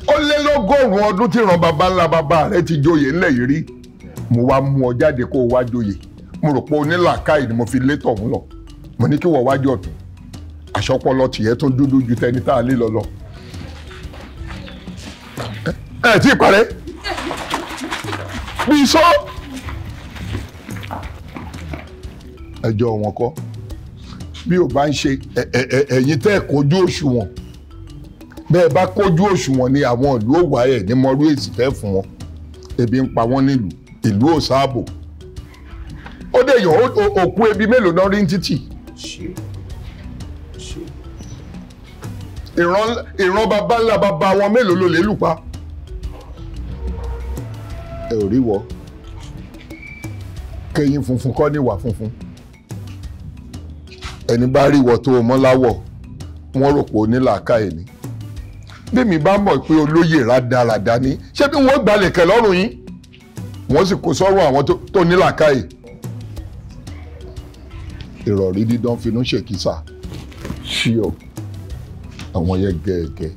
ó lé lọ́gọ́rùn-ún ọdún tí ìran baba ńlá baba rẹ ti joyè ńlẹ̀ yìí rí mo wá mú ọ jáde kó o wá joyè mo rò pé onílàákàyè ni mo fi lé tọ̀hún lọ mo ní kí wọ́n wájú ọ̀tún àṣọpọlọ tìyẹ́ tó dúdú ju tẹni tá a lé lọ lọ. ẹ ẹ tí ì parẹ́ bí sọ ẹjọ́ wọn kọ́ bí ò bá ń ṣe ẹ̀yin tẹ́ kojú òṣùwọ̀n bẹ́ẹ̀ bá kojú òṣùwọ̀n ni àwọn ìlú ò wáyẹ̀ ní mọ́rú èsì fẹ́ fún wọn ebi ń pa wọ́n nílùú ìlú ò sáàbò ó dé yọ òkú ebi mélòó náà rí ń títì ìran bàbá ńlá bàbá wọn mélòó ló lè lù pa ẹ ò rí wọ kẹyìn funfun kọ́ ní ìwà funfun ẹni bá rí ìwọ tó o mọ́ láwọ̀ wọ́n rò pé o ní làákàyè ni bí mi bá mọ̀ pé olóyè rádaràdá ni ṣé bí wọ́n gbalẹ̀ kẹ̀ lọ́rùn yín wọ́n sì kó sọ́rùn àwọn tó ní làákàyè ìrọ̀rí dídán finú ṣèkísà ṣíọ àwọn yẹn gẹ́gẹ́.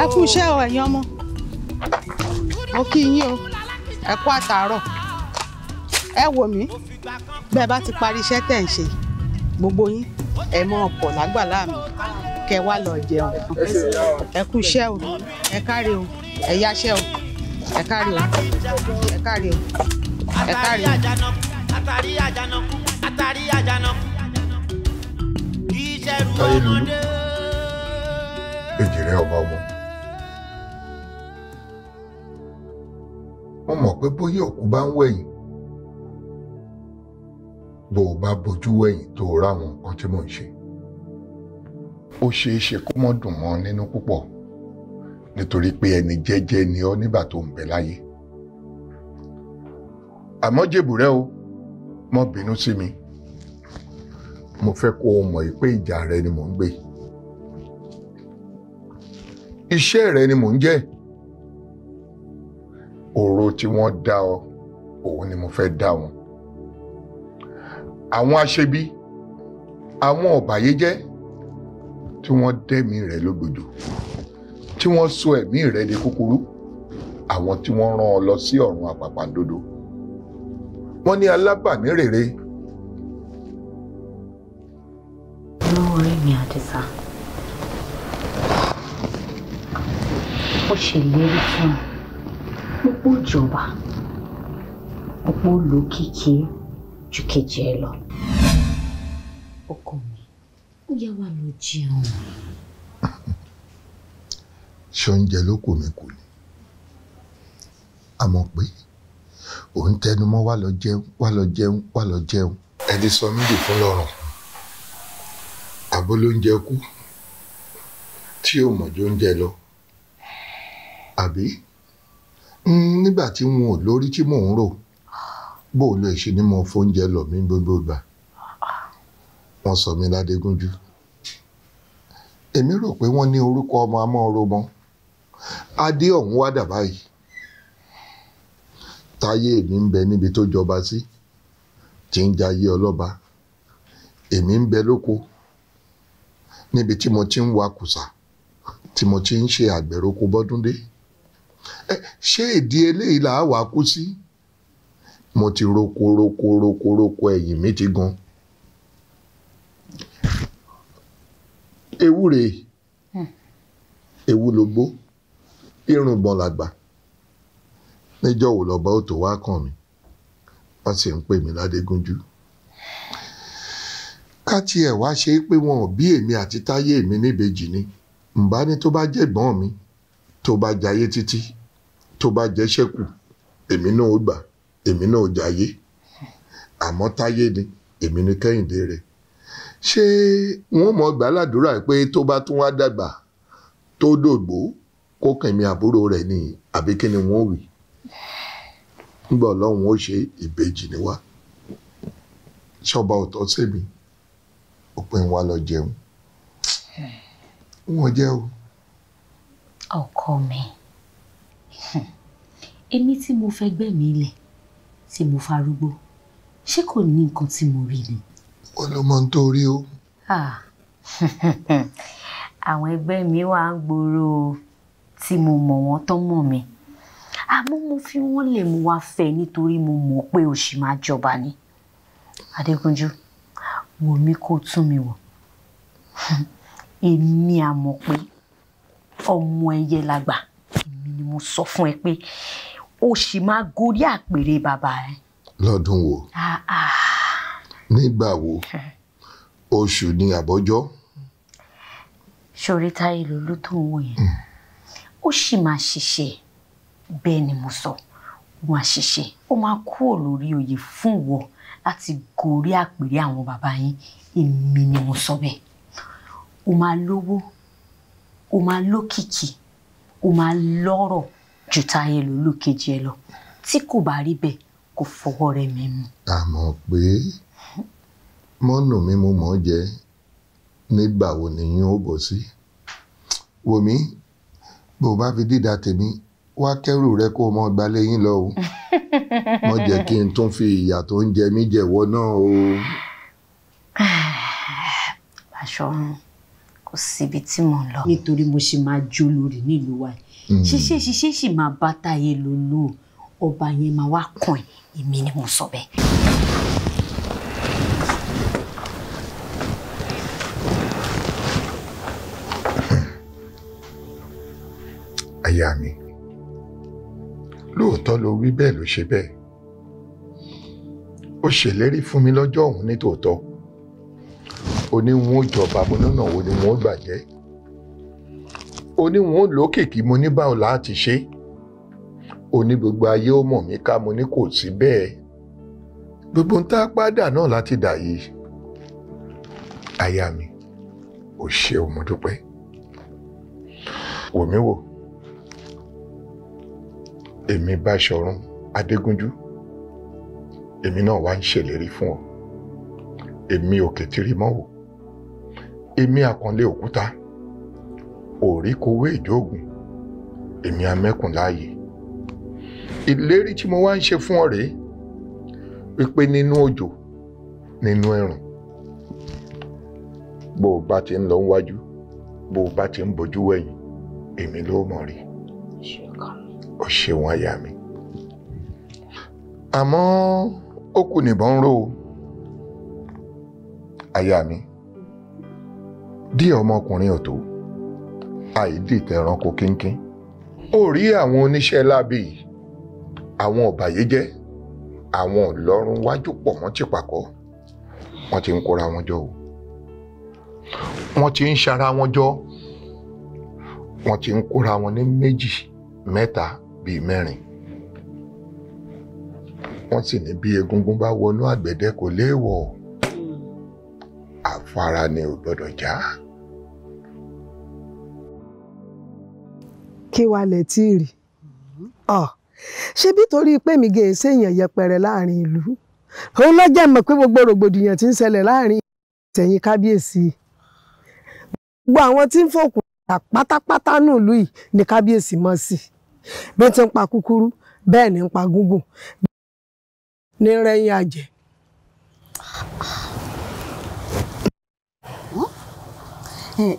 ẹ kú iṣẹ́ o ẹ̀yin ọmọ mo kí yín o ẹ kú àtàárọ̀ ẹ wò mí bẹ́ẹ̀ bá ti parí iṣẹ́ tẹ̀ ń ṣe gbogbo yín ẹ mọ ọ̀pọ̀ lágbàlá mi kẹ wá lọ jẹun ẹ kú iṣẹ́ o ẹ káre o ẹ yáṣẹ́ o ẹ káre o ẹ káre o ẹ káre o. àtàrí àjànàkú àtàrí àjànàkú kì í ṣẹ́rù ọba ọmọ. pé bóyá òkú bá ń wẹ̀yìn bó o bá bojú wẹ̀yìn tó o ráwọn nǹkan tí mò ń ṣe ó ṣeé ṣe kó mọ́ dùn mọ́ nínú púpọ̀ nítorí pé ẹni jẹ́jẹ́ ni ọ́ nígbà tó ń bẹ láyé àmọ́ jèbù rẹ o mọ́ bínú sí mi mo fẹ́ kó o mọ̀ pé ìjà rẹ ni mò ń gbé iṣẹ́ rẹ ni mò ń jẹ́ oró tí wọ́n dá ọ òun ni mo fẹ́ dá wọn. àwọn aṣebi àwọn ọ̀bàyéjẹ́ tí wọ́n dẹ́mi rẹ̀ lógbòdò tí wọ́n sọ ẹ̀mí rẹ̀ di kúkúrú àwọn tí wọ́n rán ọ lọ sí ọ̀run àpàpàǹdodo wọ́n ní alábàmírèrè. ló rí mi àdìsá ó ṣèlérí fún un ọ̀pọ̀ ìjọba ọ̀pọ̀ olókìkí ju kejì ẹ lọ. ọkọ mi ó yá wà ló jẹun. ṣé oúnjẹ ló kù mí kù ni a mọ̀ pé òun tẹnumọ́ wà lọ jẹun wà lọ jẹun wà lọ jẹun. ẹ ti sọ mí dì fún lọ́rùn àbó lóúnjẹ kú tí ò mọ̀jọ́ oúnjẹ lọ àbí. Mm, nígbà tí wọn ò lórí tí mò ń rò bó o lè ṣe ni mo fóúnjẹ lọ mí gbogbo gbà wọ́n sọ mí ládégúnjú èmi rò pé wọ́n ní orúkọ ọmọ amóoromọ adé ọ̀hún wá dà báyìí táyé èmi ń bẹ níbi tó jọba sí tí ń jayé ọlọ́ba èmi ń bẹ lóko níbi tí mo ti ń wa kùsà tí mo ti ń ṣe àgbẹ̀roko bọ́dúndé ṣé ìdí eléyìí là á wà kú sí mo ti roko roko roko roko ẹ̀yìn mi ti gan ewúre ewu lógbó irùngbọ̀n làgbà níjọ́ wo lọ́ba ó tó wá kàn mí wọ́n sì ń pè mí ládégúnjú ká tiẹ̀ wá ṣe pé wọn ò bí èmi àti táyé mi níbejì ni ǹbá tó bá jẹ̀gbọ́n mi tó bá jayé títí tó bá jẹ́ ṣẹ́kù èmi náà ó gbà èmi náà ó jayé àmọ́ táyé ni èmi ni kẹ́hìndé rẹ̀ ṣé wọ́n mọ̀ gbà ládùúrà pé tó bá tún wá dàgbà tó dògbò kó kẹ̀mí àbúrò rẹ̀ ni àbí kí ni wọ́n wí nígbà ọlọ́run ó ṣe ìbejì ni wá ṣọba ọ̀tọ̀ sẹ́mi òpin wa lọ jẹun wọ́n jẹ́ o ọkọ mi èmi tí mo fẹ́ gbẹ̀mí ilẹ̀ tí mo farúgbó ṣé kò ní nǹkan tí mo rí ni. wọn ló mọ ohun tó o. àwọn ẹgbẹ́ mi wà ń gbòòrò tí mo mọ̀ wọ́n tán mọ̀ mi àmọ́ mo fi wọ́n lè mú wa fẹ́ nítorí mo mọ̀ pé òṣì máa jọba ni Adékúnjú wò mí kó tún mi wò èmi àmọ̀ pé ọmọ ẹyẹ làgbà èmi ni mo sọ fún ẹ pé o sì máa gorí àpèrè bàbá ẹ. lọ́dún wo nígbà wo oṣù ni àbọ́jọ́. ṣòrí táyé lolú tó ń wò yẹn hmm. ó sì máa ṣiṣẹ́ bẹ́ẹ̀ ni mo sọ wọn àṣìṣe ó máa kúrò lórí oyè fún ìwọ láti gorí àpèrè àwọn bàbá yín èmi ni mo sọ bẹ́ẹ̀ ó máa lówó o máa lókìkí o máa lọ́rọ̀ ju táyé lọ lókejì ẹ lọ tí kò bá rí bẹ́ẹ̀ kò fọwọ́ rẹ mímu. àmọ́ pé mọ́nù mímu mọ́ jẹ nígbà wo nìyẹn ó bọ̀ sí wò mí bó o bá fi dídà tèmi wá kẹ́rù rẹ kó o mọ gba lẹ́yìn lọ o mọ jẹ́ kí n tún fi ìyà tó ń jẹ mí jẹ̀wọ́ náà o. aṣọ ọrùn kò síbi tí mò ń lọ. nítorí mo ṣe máa jó lórí nílùú wa ṣíṣe ṣíṣe ṣì máa bá táyé lòlú ọba yẹn máa wá kàn ẹ́ èmi ni mo sọ bẹ́ẹ̀. aya mi lóòótọ́ ló wí bẹ́ẹ̀ ló ṣe bẹ́ẹ̀ ó ṣèlérí fún mi lọ́jọ́ ọ̀hún nítòótọ́ oníwọ̀n òjọba mo nínú wo ni wọ́n gbàjẹ́ oníwọ̀n lókìkí mo ní báwo láti ṣe oní gbogbo ayé ó mọ̀ mí ká mo ní kò sí bẹ́ẹ̀ gbogbo ń tá a pàdà náà láti dà yìí aya mi ò ṣe mo dúpẹ́ wò mí wò èmi Báṣọ̀run Adégúnjú èmi náà wá ń ṣèlérí fún ọ èmi ò kètìrí mọ́ wò èmi àkànlé òkúta òrí kowé ìjóògùn èmi amẹ́kùn láàyè ìlérí tí mo wá ń ṣe fún ọ rèé wípé nínú òjò nínú ẹ̀rùn bó o bá ti ń lọ wájú bó o bá ti ń bojú wẹ̀yìn èmi ló mọ̀ rí o ṣeun aya mi àmọ́ ó kù nìbọn ró o aya mi díẹ̀ ọmọkùnrin ọ̀tọ̀ àìdìtẹ̀ ẹranko kínkín ó rí àwọn oníṣẹ́ láabi àwọn ọ̀bàyéjẹ́ àwọn ọ̀lọ́run wájú pọ̀ wọ́n ti pàkọ́ wọ́n ti ń kóra wọn jọ o wọ́n ti ń ṣara wọn jọ wọ́n ti ń kóra wọn ní méjì mẹ́ta bíi mẹ́rin wọ́n sì ní bí egungun bá wọnú àgbẹ̀dẹ kò léèwọ̀ àfara ni ò gbọ́dọ̀ já. kí wàá lè tí ì rí ṣebí torí pé mi gèè séèyàn yẹpẹrẹ láàrin ìlú òun ló jẹ́ mọ̀ pé gbogbo rògbòdìyàn tí ń ṣẹlẹ̀ láàrin ìtẹ̀yìn kábíyèsí gbogbo àwọn tí ń fòkùn ìjà pátápátá nùlú yìí ni kábíyèsí mọ̀ sí bí ti ń pa kúkúrú bẹ́ẹ̀ ni ń pa gúngùn ní rẹ́yìn àjẹ́.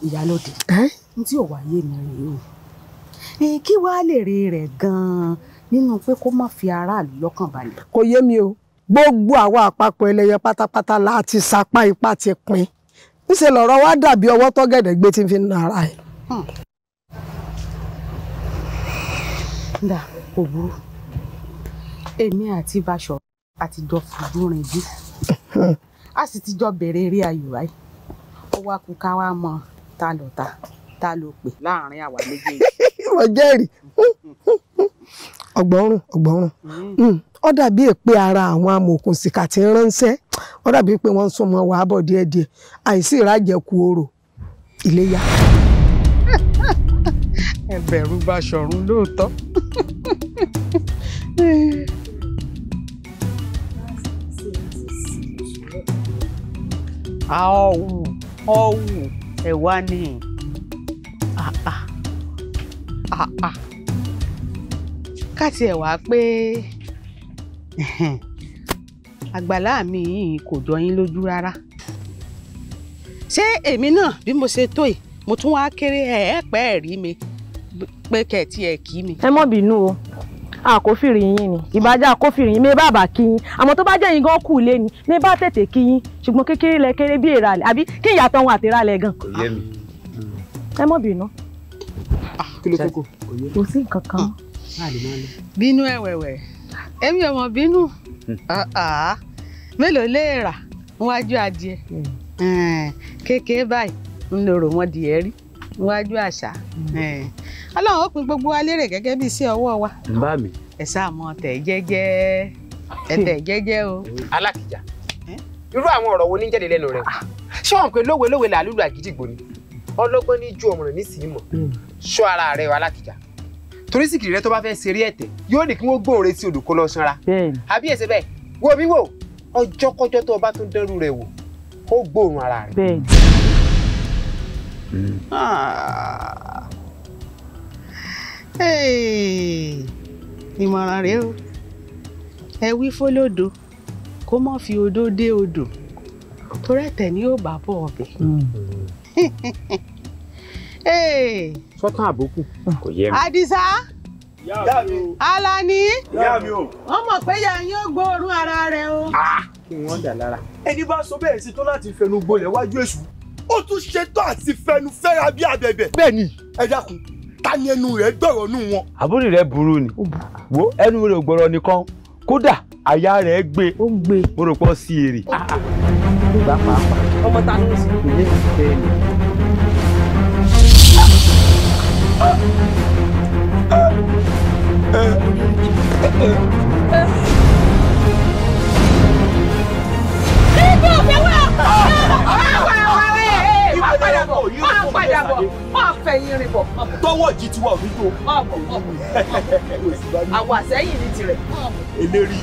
ìyálòdì ní tí ò wáyé mi rèé o kí wàá lè re rẹ̀ gan-an nínú pé kó má fi aráàlú lọ́kàn balẹ̀. kò yé mi o gbogbo àwa àpapọ̀ ẹlẹ́yẹ pátápátá láti sapá ipá ti pin níṣẹ́ lọ̀rọ̀ wa dàbí ọwọ́ tọ́gẹ̀dẹ̀ gbé tí ń fi ń nara ẹ̀. Hmm. dà kò burú èmi àti Báṣọ àti jọ fojú rìn jù a sì ti jọ bẹ̀rẹ̀ eré ayò báyìí ó wá kú ká wá mọ ta ló ta ta ló pè láàrin àwa méjèèjì. jẹ́rìí mm. Mm. dàbí èpè ara àwọn amòòkùn sìkà ránṣẹ́ ọ dàbí pé wọ́n ń sún wàá bọ̀ àìsí ìrájẹ̀kù orò ìléyà. lóòótọ́. ọ̀hún ẹ̀ wá ní ah, ah. ah, káti ẹ̀ wá pé àgbàlá mi yìí kò jọ yín lójú rárá ṣé èmi náà bí mo ṣe tó yìí mo tún wá kéré ẹ̀ ẹ́ pẹ́ẹ́ rí mi pé kẹ̀ tiẹ̀ kí mi. ẹ mọ̀ bínú o àkófìrí ah, yín ni ìbájá àkófìrí yín mi bá bà kí yín àmọ́ tó bá jẹ́ yín gan kù lé ni mi bá tètè kí yín ṣùgbọ́n kékeré lẹ kéré bí ìralẹ̀ àbí kí ìyàtọ̀ òun àti ìralẹ̀ gan. ẹ mọ̀ bínú. Ah, kí ló kókó. kò sí nǹkan kan. Ah, bínú ẹ̀wẹ̀wẹ̀ èmi ò mọ̀ bínú hmm. mélòó lè rà níwájú adìẹ hmm. kékeré báyìí ń lòrò wọn dìé rí níwájú àṣà ọlọ́run ó pin gbogbo wa lérè gẹ́gẹ́ bí iṣẹ́ ọwọ́ wa. bá mi. ẹ sáàmọ tẹ̀ jẹ́jẹ́ ẹ tẹ̀ jẹ́jẹ́ o. alákìjà irú àwọn ọ̀rọ̀ wo ní jáde lẹ́nu rẹ ah. ṣé wọn pe lówe lówe làálùlù àgídìgbò ni ọlọ́gbọ́n ní ju ọmọràn ní sìí mọ̀ hmm. ṣọ́ ara rẹ o alákìjà torí sìkìrì rẹ tó bá fẹ́ ṣeré ẹ̀tẹ̀ yóò ní kí wọ́n gbóhùn retí olùkọ́ lọ sanra àbí ẹ̀sẹ̀ bẹ́ẹ̀ wo mi wò ọjọ́kọ́jọ́ tó o bá tún dẹ́rù rẹ wò ó gbóhùn ara rẹ. Ah. Hey. ìmọ̀ràn rèé o ẹ wí fólódo kó má fi odó dé odò torí ẹ̀tẹ̀ ni yóò bá bọ̀ ọ̀bẹ. Hmm. sọ́tàn àbókù kò yẹ mi. Àdìsá Alani wọ́n mọ̀ pé yàrá yóò gbóòórùn ara rẹ̀ o. Ah. kí wọ́n dà lára. ẹni bá sọ bẹ́ẹ̀ sí tó láti fẹnu gbolẹ̀ wájú èṣù ó tún ṣetán àti fẹnufẹ́ra bí abẹ̀bẹ̀. bẹ́ẹ̀ni ẹ dákun ta ni ẹnu rẹ gbọrọ nù wọn. àbúrò rẹ burú ni wo ẹnu rẹ ò gbọrọ nìkan kódà àyà rẹ gbé ó ń gbé mo sí èrè. Ah, ah. ìgbà pàápàá ọmọ ta ló ń sìn kò yé ìfẹ́ mi. Ibi òfin padà bọ̀ máa fẹ̀yìn rìn bọ̀. tọwọ́ jí tiwa òbí tó. àwọ̀ àsẹ́yìn ni tirẹ̀. eléri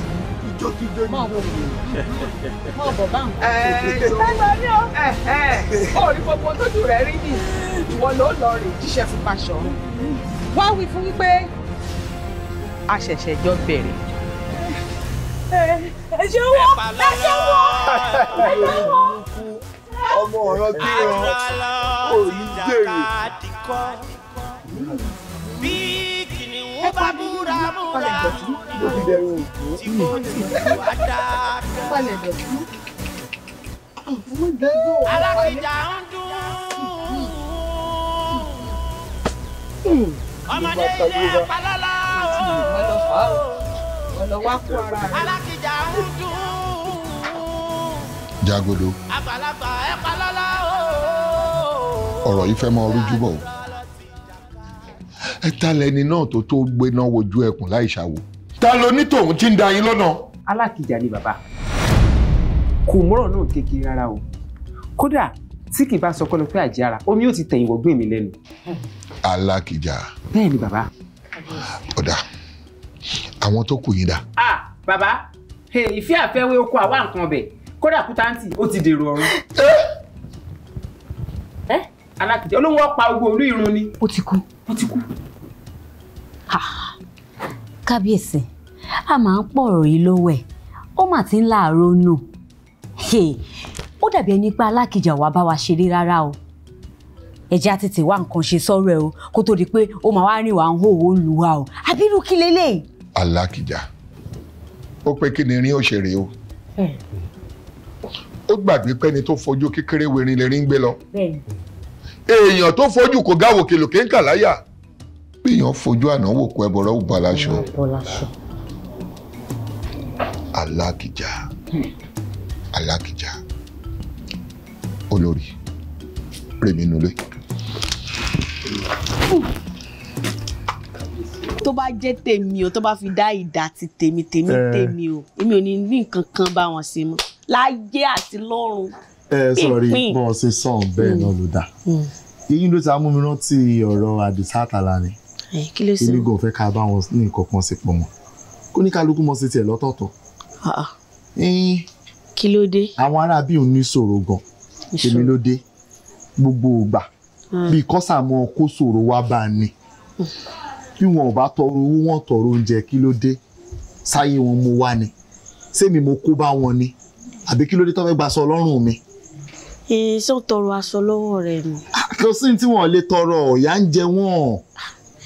ìjókíjó ni. máa bọ̀ báwọn. ẹ rí gbogbo tójú rẹ̀ rí ni ìwọ ló lọ rìn jíṣẹ́ fún paṣọ. wá wí fún wípé a ṣẹ̀ṣẹ̀ jọ bẹ̀rẹ̀ ẹ ṣe wọ ẹ ṣe wọ ẹ ṣe wọ ọmọ ọ̀rọ̀ kí wọn ò ní jèrè. bí kìnìún bá búra múra tí kò dùn àdáká. alákìjà ń dún. ọmọdé ilé apalálá o. alákìjà ń dún. Jagodo. àgbàlagbà ẹ palọ́lá o. ọ̀rọ̀ yìí fẹ́ mọ rújú bọ̀ o. ẹ ta lẹni náà tó tó gbéná wojú ẹkùn láì ṣàwò. ta ló ní tòun tí ń da yín lọ́nà. alákìjà ni bàbá kò mọ́rọ̀ náà kékeré rárá o kódà tí kì bá sọ pé lọ́pẹ́ àjẹára omi yóò ti tẹ̀yìn wọ̀gbìn mi lẹ́nu. alákìjà. bẹ́ẹ̀ ni bàbá. ọ̀dà àwọn tó kù yín dà. ah bàbá ìfẹ́ àfẹ́wé oko àwa nǹkan bẹ̀ kódà kútáǹtì ó ti dèrò ọ̀run alákìtì olóhùn ọ̀pá ogbó olú irun ni. ó ti kú. ó ti kú. kábíyèsí a máa ń pọ̀rọ̀ yìí lọ́wọ́ ẹ̀ ó mà ti ń láàárọ̀ nù ó dàbí ẹni pé alákìjà wa bá wa ṣeré rárá o ẹ jẹ́ á tètè wá nǹkan ṣe sọ́rọ̀ ẹ o kó tó di pé ó máa wá rìn wá ń hòwò lù o abirú kí lélẹ̀. alákìjà ó pé kí ni rin ó o ó gbàgbé pẹ́ni tó fojú kékeré werin lè rí ń gbé lọ. èèyàn tó fojú kò gáwò kèlòkè ń kà láyà bí èèyàn fojú àná wò kó ẹbọrọ ò bá láṣọ alákìjà alákìjà olórí rèmi nulẹ. tó bá jẹ́ tèmi o tó bá fi dá ìdá ti tèmi tèmi eh. tèmi o èmi ò ní ní nǹkan kan bá wọn ṣe mọ́ láyé àti lọ́run. ẹ sọrí bọ́n ṣe sàn bẹ́ẹ̀ náà ló dà mm. Mm. èyí ló ti amú mi rántí ọ̀rọ̀ àdìsá àtàlà ni èmi gan fẹ́ ká bá wọn ní nǹkan kan sí pọ̀ mọ́ kó ní kálukú mọ́ sí tiẹ̀ lọ́tọ̀ọ̀tọ̀. Ah, ah. kí ló dé. àwọn ará bíi òun ní ṣòro gan èmi ló dé gbogbo ìgbà ah. bíi kọ́sà mọ kó ṣòro wá bá a ní mm. bí wọn ò bá tọrọ owó wọn tọrọ oúnjẹ kí ló dé sáyé wọn mo wá ni sẹ́mi mo kó bá wọn ni àbí kí ló dé tó fẹ́ gba aṣọ ọlọ́run mi. èso tọrọ aṣọ lọ́wọ́ rẹ ni. kò sí tí wọn lè tọrọ ọ̀yà ń jẹ wọn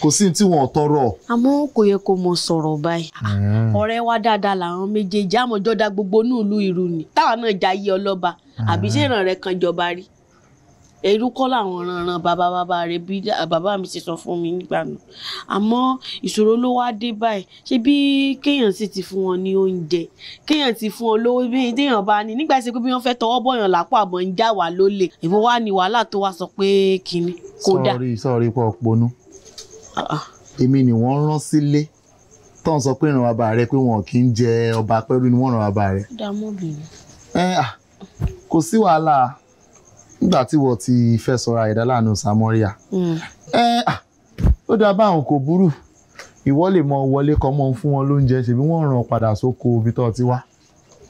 kò sí tí wọn tọrọ. àmọ́ kò yẹ kó mọ sọ̀rọ̀ báyìí. Mm. ọ̀rẹ́ wa dáadáa làwọn méjèèjì àmọ́jọ́ da gbogbo inú ìlú ìrù ni táwọn náà já yí ọlọ́ba mm. àbí ṣèrànrẹ́ kan jọba rí ẹrú kọ́ làwọn ranran bàbá bàbá rẹ̀ bí bàbá mi ṣe sọ fún mi nígbà náà àmọ́ ìṣòro ló wá dé báyìí ṣé bí kéèyàn sì ti fún wọn ní oúnjẹ kéèyàn ti fún wọn lówó bí téèyàn bá ní nígbà tí bí wọ́n fẹ́ tọwọ́ bọ̀yàn lápò àbọ̀ ń já wà lólè ìbò wá ní wàhálà tó wá sọ pé kinní kò dáa. sọrí sọrí pọ̀ ponú ah, ah. èmi ni wọ́n rán sílé tọ́n sọ pé ìrànwọ́ bàbá rẹ pé wọn kì í jẹ ọba pẹ́rú ni wọ́n ràn bàbá rẹ. dààmú obìnrin. ẹ kò sí wàhálà nígbà tí wọ́n ti fẹ́ sọra ẹ̀dá láàánú Samoria hmm. ẹ ó dáa báwọn kò burú ìwọ lè mọ wọlé kọ mọ fún wọn lóúnjẹ ṣèbí wọ́n ràn padà sóko ibi tó ti wá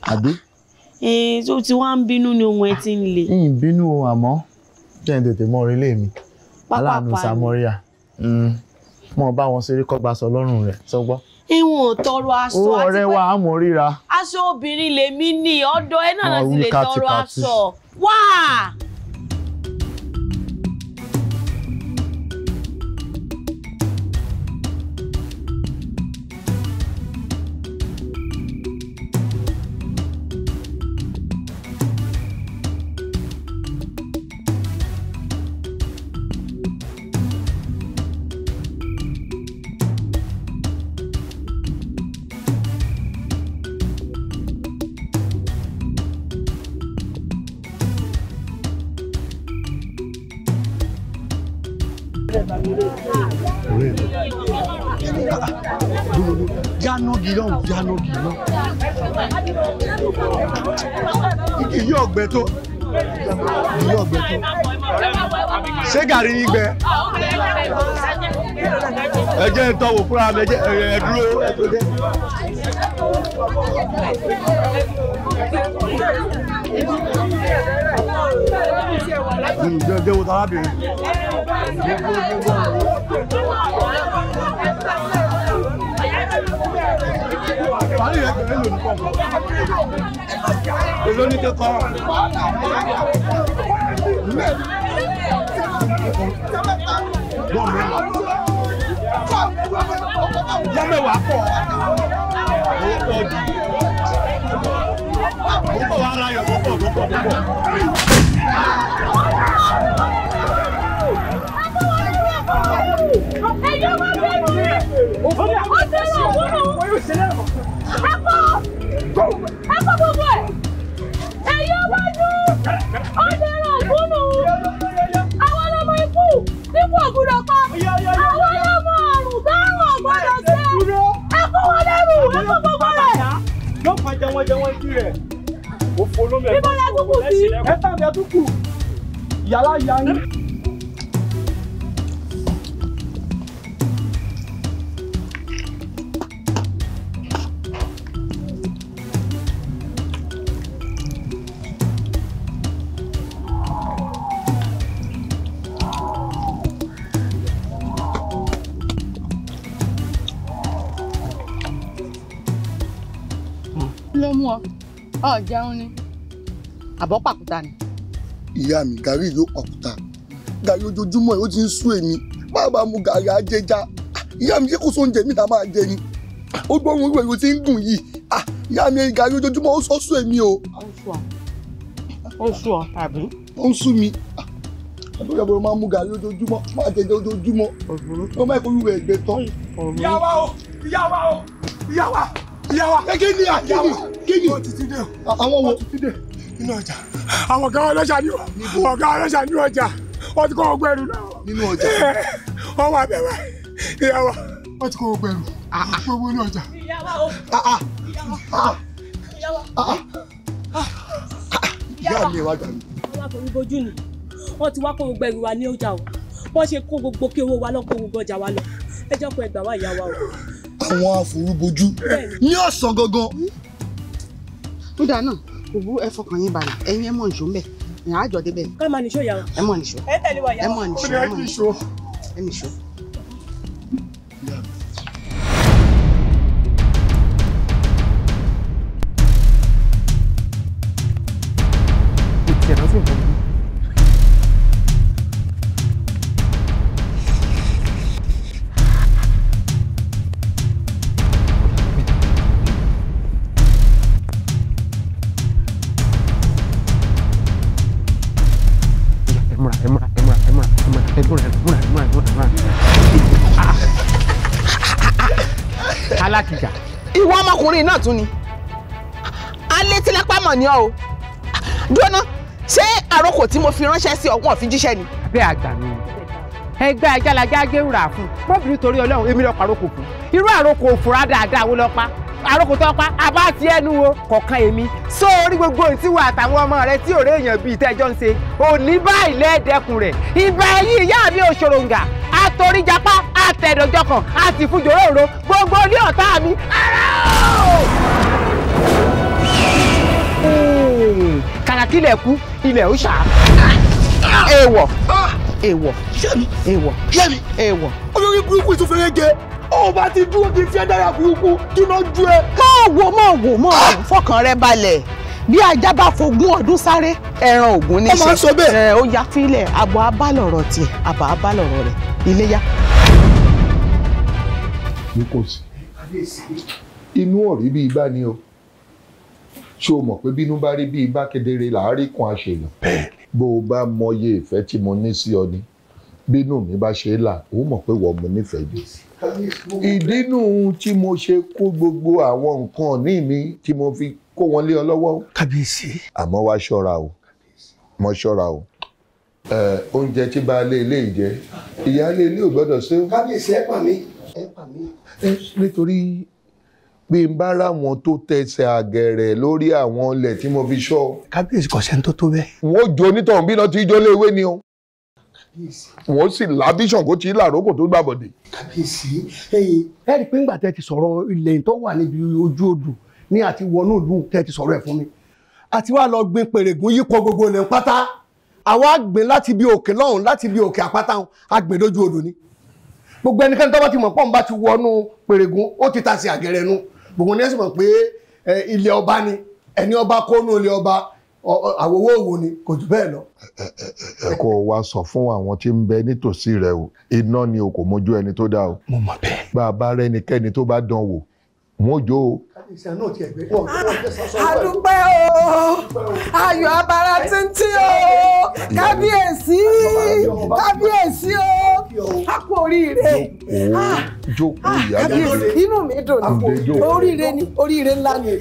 àbí. tó ah, eh, ti wá ń bínú ni ohun ẹ ti ń le. ń bínú àmọ́ jẹ́ ń tètè mọ orílẹ̀ mi aláàánú Samoria hmm. mo bá wọn ṣeré kọ́gbà sọ lọ́rùn rẹ̀ sọ́gbọ́ ìwọ̀n tọrọ aṣọ àti pé ọ̀rẹ́ wa á mọ̀ ríra. aṣọ obìnrin lèmi ní ọ̀dọ̀ ẹ náà láti lè tọrọ aṣọ wá. n'oge iná igi yí ọ̀gbẹ́ tó igi yí ọ̀gbẹ́ tó ṣé gàrí yín gbẹ ẹ jẹ́ ń tọ́wò fúnra mi ẹ dúró ẹ tó dé. Gbé wo tarábìnrin. Bàálù yẹn gbẹ̀rẹ̀ lò ní pọ̀. Èló ara yọ̀ pọ̀ pọ̀ pọ̀ pọ̀. Oh, my God. bíbọ́ la dúkù sí. ẹ tà lẹ dúkù yàrá yà yín. ló mú ọ ọ jẹun ni àbọ̀ pàkúta ni. ìyá mi gàrí yóò pàkúta gàrí ojoojúmọ́ ẹ̀ ó ti ń sú èmi máa bá mu gàrí ajẹja ìyá mi ṣé kò sóúnjẹ mi tá máa jẹ ni ó gbóhùn ìwé ìwé tí ń dùn yìí ìyá mi gàrí ojoojúmọ́ ó sọ sú èmi o. ó sú ọ tàbí. ó ń sú mi àbúrò ìyàbọ̀ máa mu gàrí ojoojúmọ́ máa jẹjẹ ojoojúmọ́ ó máa kó ìwé ẹ̀gbẹ́ tán. ìyá o ìyá wa o ìyá wa ìyá wa. kí ni kí ni kí ni àwọn wo nínú ọjà àwọn ọ̀gá ọlọ́ṣà ni ọ̀gá ọlọ́ṣà nínú ọjà wọ́n ti kó gbogbo ẹrù náà nínú ọjà wọ́n wà bẹ́ẹ̀ báyìí ìyàwó wọ́n ti kó gbogbo ẹrù ah, ah. gbogbo inú ọjà. ìyá mi wá gbà mí. wọ́n wá kó gbogbo ni wọ́n ti wá kó gbogbo ẹrù wa ní ọjà o wọ́n ṣe kó gbogbo kí owó wa lọ kó gbogbo ọjà wa lọ ẹ jẹ́ kó ẹ gbà wá ìyá wa o. àwọn aforúbojú ní ọ̀sán gangan. tó dáa náà kùbú ẹ fọkàn yín balẹ̀ ẹ̀yin ẹ mọ̀ nìṣó mbẹ̀ ìyá àjọ débẹ̀ ká máa nìṣó yà wá. ẹ mọ̀ nìṣó ẹ mọ̀ nìṣó ẹ mọ̀ nìṣó ẹ nìṣó. tún ni alẹ́ tí lápá mọ̀ ni ọ́ o dúró ṣé àròkò tí mo fi ránṣẹ́ sí ọ̀gbọ́n fi jíṣẹ́ ni. abẹ́ àgbà mi ẹgbẹ́ ajálajá gẹ́rùrà fún mọ́bìnrin torí ọlọ́run èmi lọ́ọ́ parọ́kò fún irú àròkò òfurá dáadáa wo lọ́ọ́ pa àròkò tó pa àbá ti ẹnu wo kọ̀ọ̀kan èmi sórí gbogbo ìtiwọ àtàwọn ọmọ rẹ tí ọ̀rẹ́ èèyàn bíi tẹ́jọ́ ń ṣe òní báyìí lẹ́ẹ̀dẹ́kun rẹ̀ ìgbà ẹ̀yìn ìyá mi òṣòròǹgà àtòríjàpá àtẹ̀dọ̀jọkàn àtìfújòròrò gbogbo ní ọ̀tá mi ara kàràkí ilẹ̀ kú ilẹ̀ ó ṣá èèwọ̀ èèwọ̀ èèwọ̀ èèwọ̀. olórí burúkú ìtún fẹ́rẹ́ jẹ ó bá ti dúró kí fẹ́ dára burúkú kí ló ju ẹ. máa wò máa wò máa ah! wò fọkàn rẹ balẹ̀ bí ajá bá fogún ọdún sáré ẹran ògún ní í ṣe ó máa ń sọ bẹ́ẹ̀. ó ya fílẹ̀ àbọ̀ abálọ̀rọ̀ tiẹ̀ àbọ̀ abálọ̀rọ̀ rẹ̀ iléyá inú ọ̀rí bíi bá ní o ṣé o mọ̀ pé bínú bá rí bíi bá kedere làárí kan àṣèlú. bẹ́ẹ̀ni. bó o bá mọye ìfẹ́ tí mo ní sí ọ ni bínú mi bá ṣe é là ó mọ̀ pé wọ́n mo nífẹ̀ẹ́ jù. ìdínú tí mo ṣe kó gbogbo àwọn nǹkan ní mi tí mo fi kó wọn lé ọ lọ́wọ́. kábíyèsí. àmọ́ wá ṣọ́ra o mọ́ ṣọ́ra o oúnjẹ tí baálé ilé ìjẹ ìyáálé ilé ò gbọ́dọ̀ ṣe. kábíyèsí ẹ pa mí. ẹ pa mí. nítorí pé n bá ráwọn tó tẹsẹ̀ àgẹ̀rẹ̀ lórí àwọn ilẹ̀ tí mo fi ṣọ́. kábíyèsí kò sẹ́ni tó tó bẹ́ẹ̀. wọ́n jó onítọ̀hún bí náà ti jó léwé ni o wọ́n sì lábísàn kó ti làrókò tó gbàbọ̀dé. kábíyèsí ẹ̀yin ẹ rí i pé ńgbà tẹ́ ti sọ̀rọ̀ ilẹ̀ tó wà níbi ojú odò ní àti wọnú ìlú tẹ́ ti sọ̀rọ̀ ẹ̀ fún mi àti wàá lọ gbin pèrègùn yípo gbogbo ilẹ̀ pátá àwa gbìn láti bí òkè lọ́hùn láti bí òkè àpáta hàn á gbìn lójú odò ni gbogbo ẹnikẹ́ni tó ti mọ̀ pọ́n ti wọnú pèrègùn ó ti ta sí àgẹ̀rẹ̀ nu gbogbo ní ẹ̀sìn mọ̀ pé ilé ọba ni ẹni ọba kónú ilé ọba àwòwò òwò ni kò jù bẹ́ẹ̀ lọ. ẹ kó sọ fún àwọn tí ń bẹ nítòsí rẹ o iná ni o kò mójú ẹni tó dá o. mo mọ̀ bẹ́ẹ̀. bá a bá rẹ́nikẹ́ni tó bá dán wò wọn jó o. àdúpẹ́ ah, o ayọ̀ abara títí o kábíyèsí kábíyèsí o a kú oríire jókòó ah, ah, ìyáálé inú mi dùn ní oríire ni oríire ńlá ni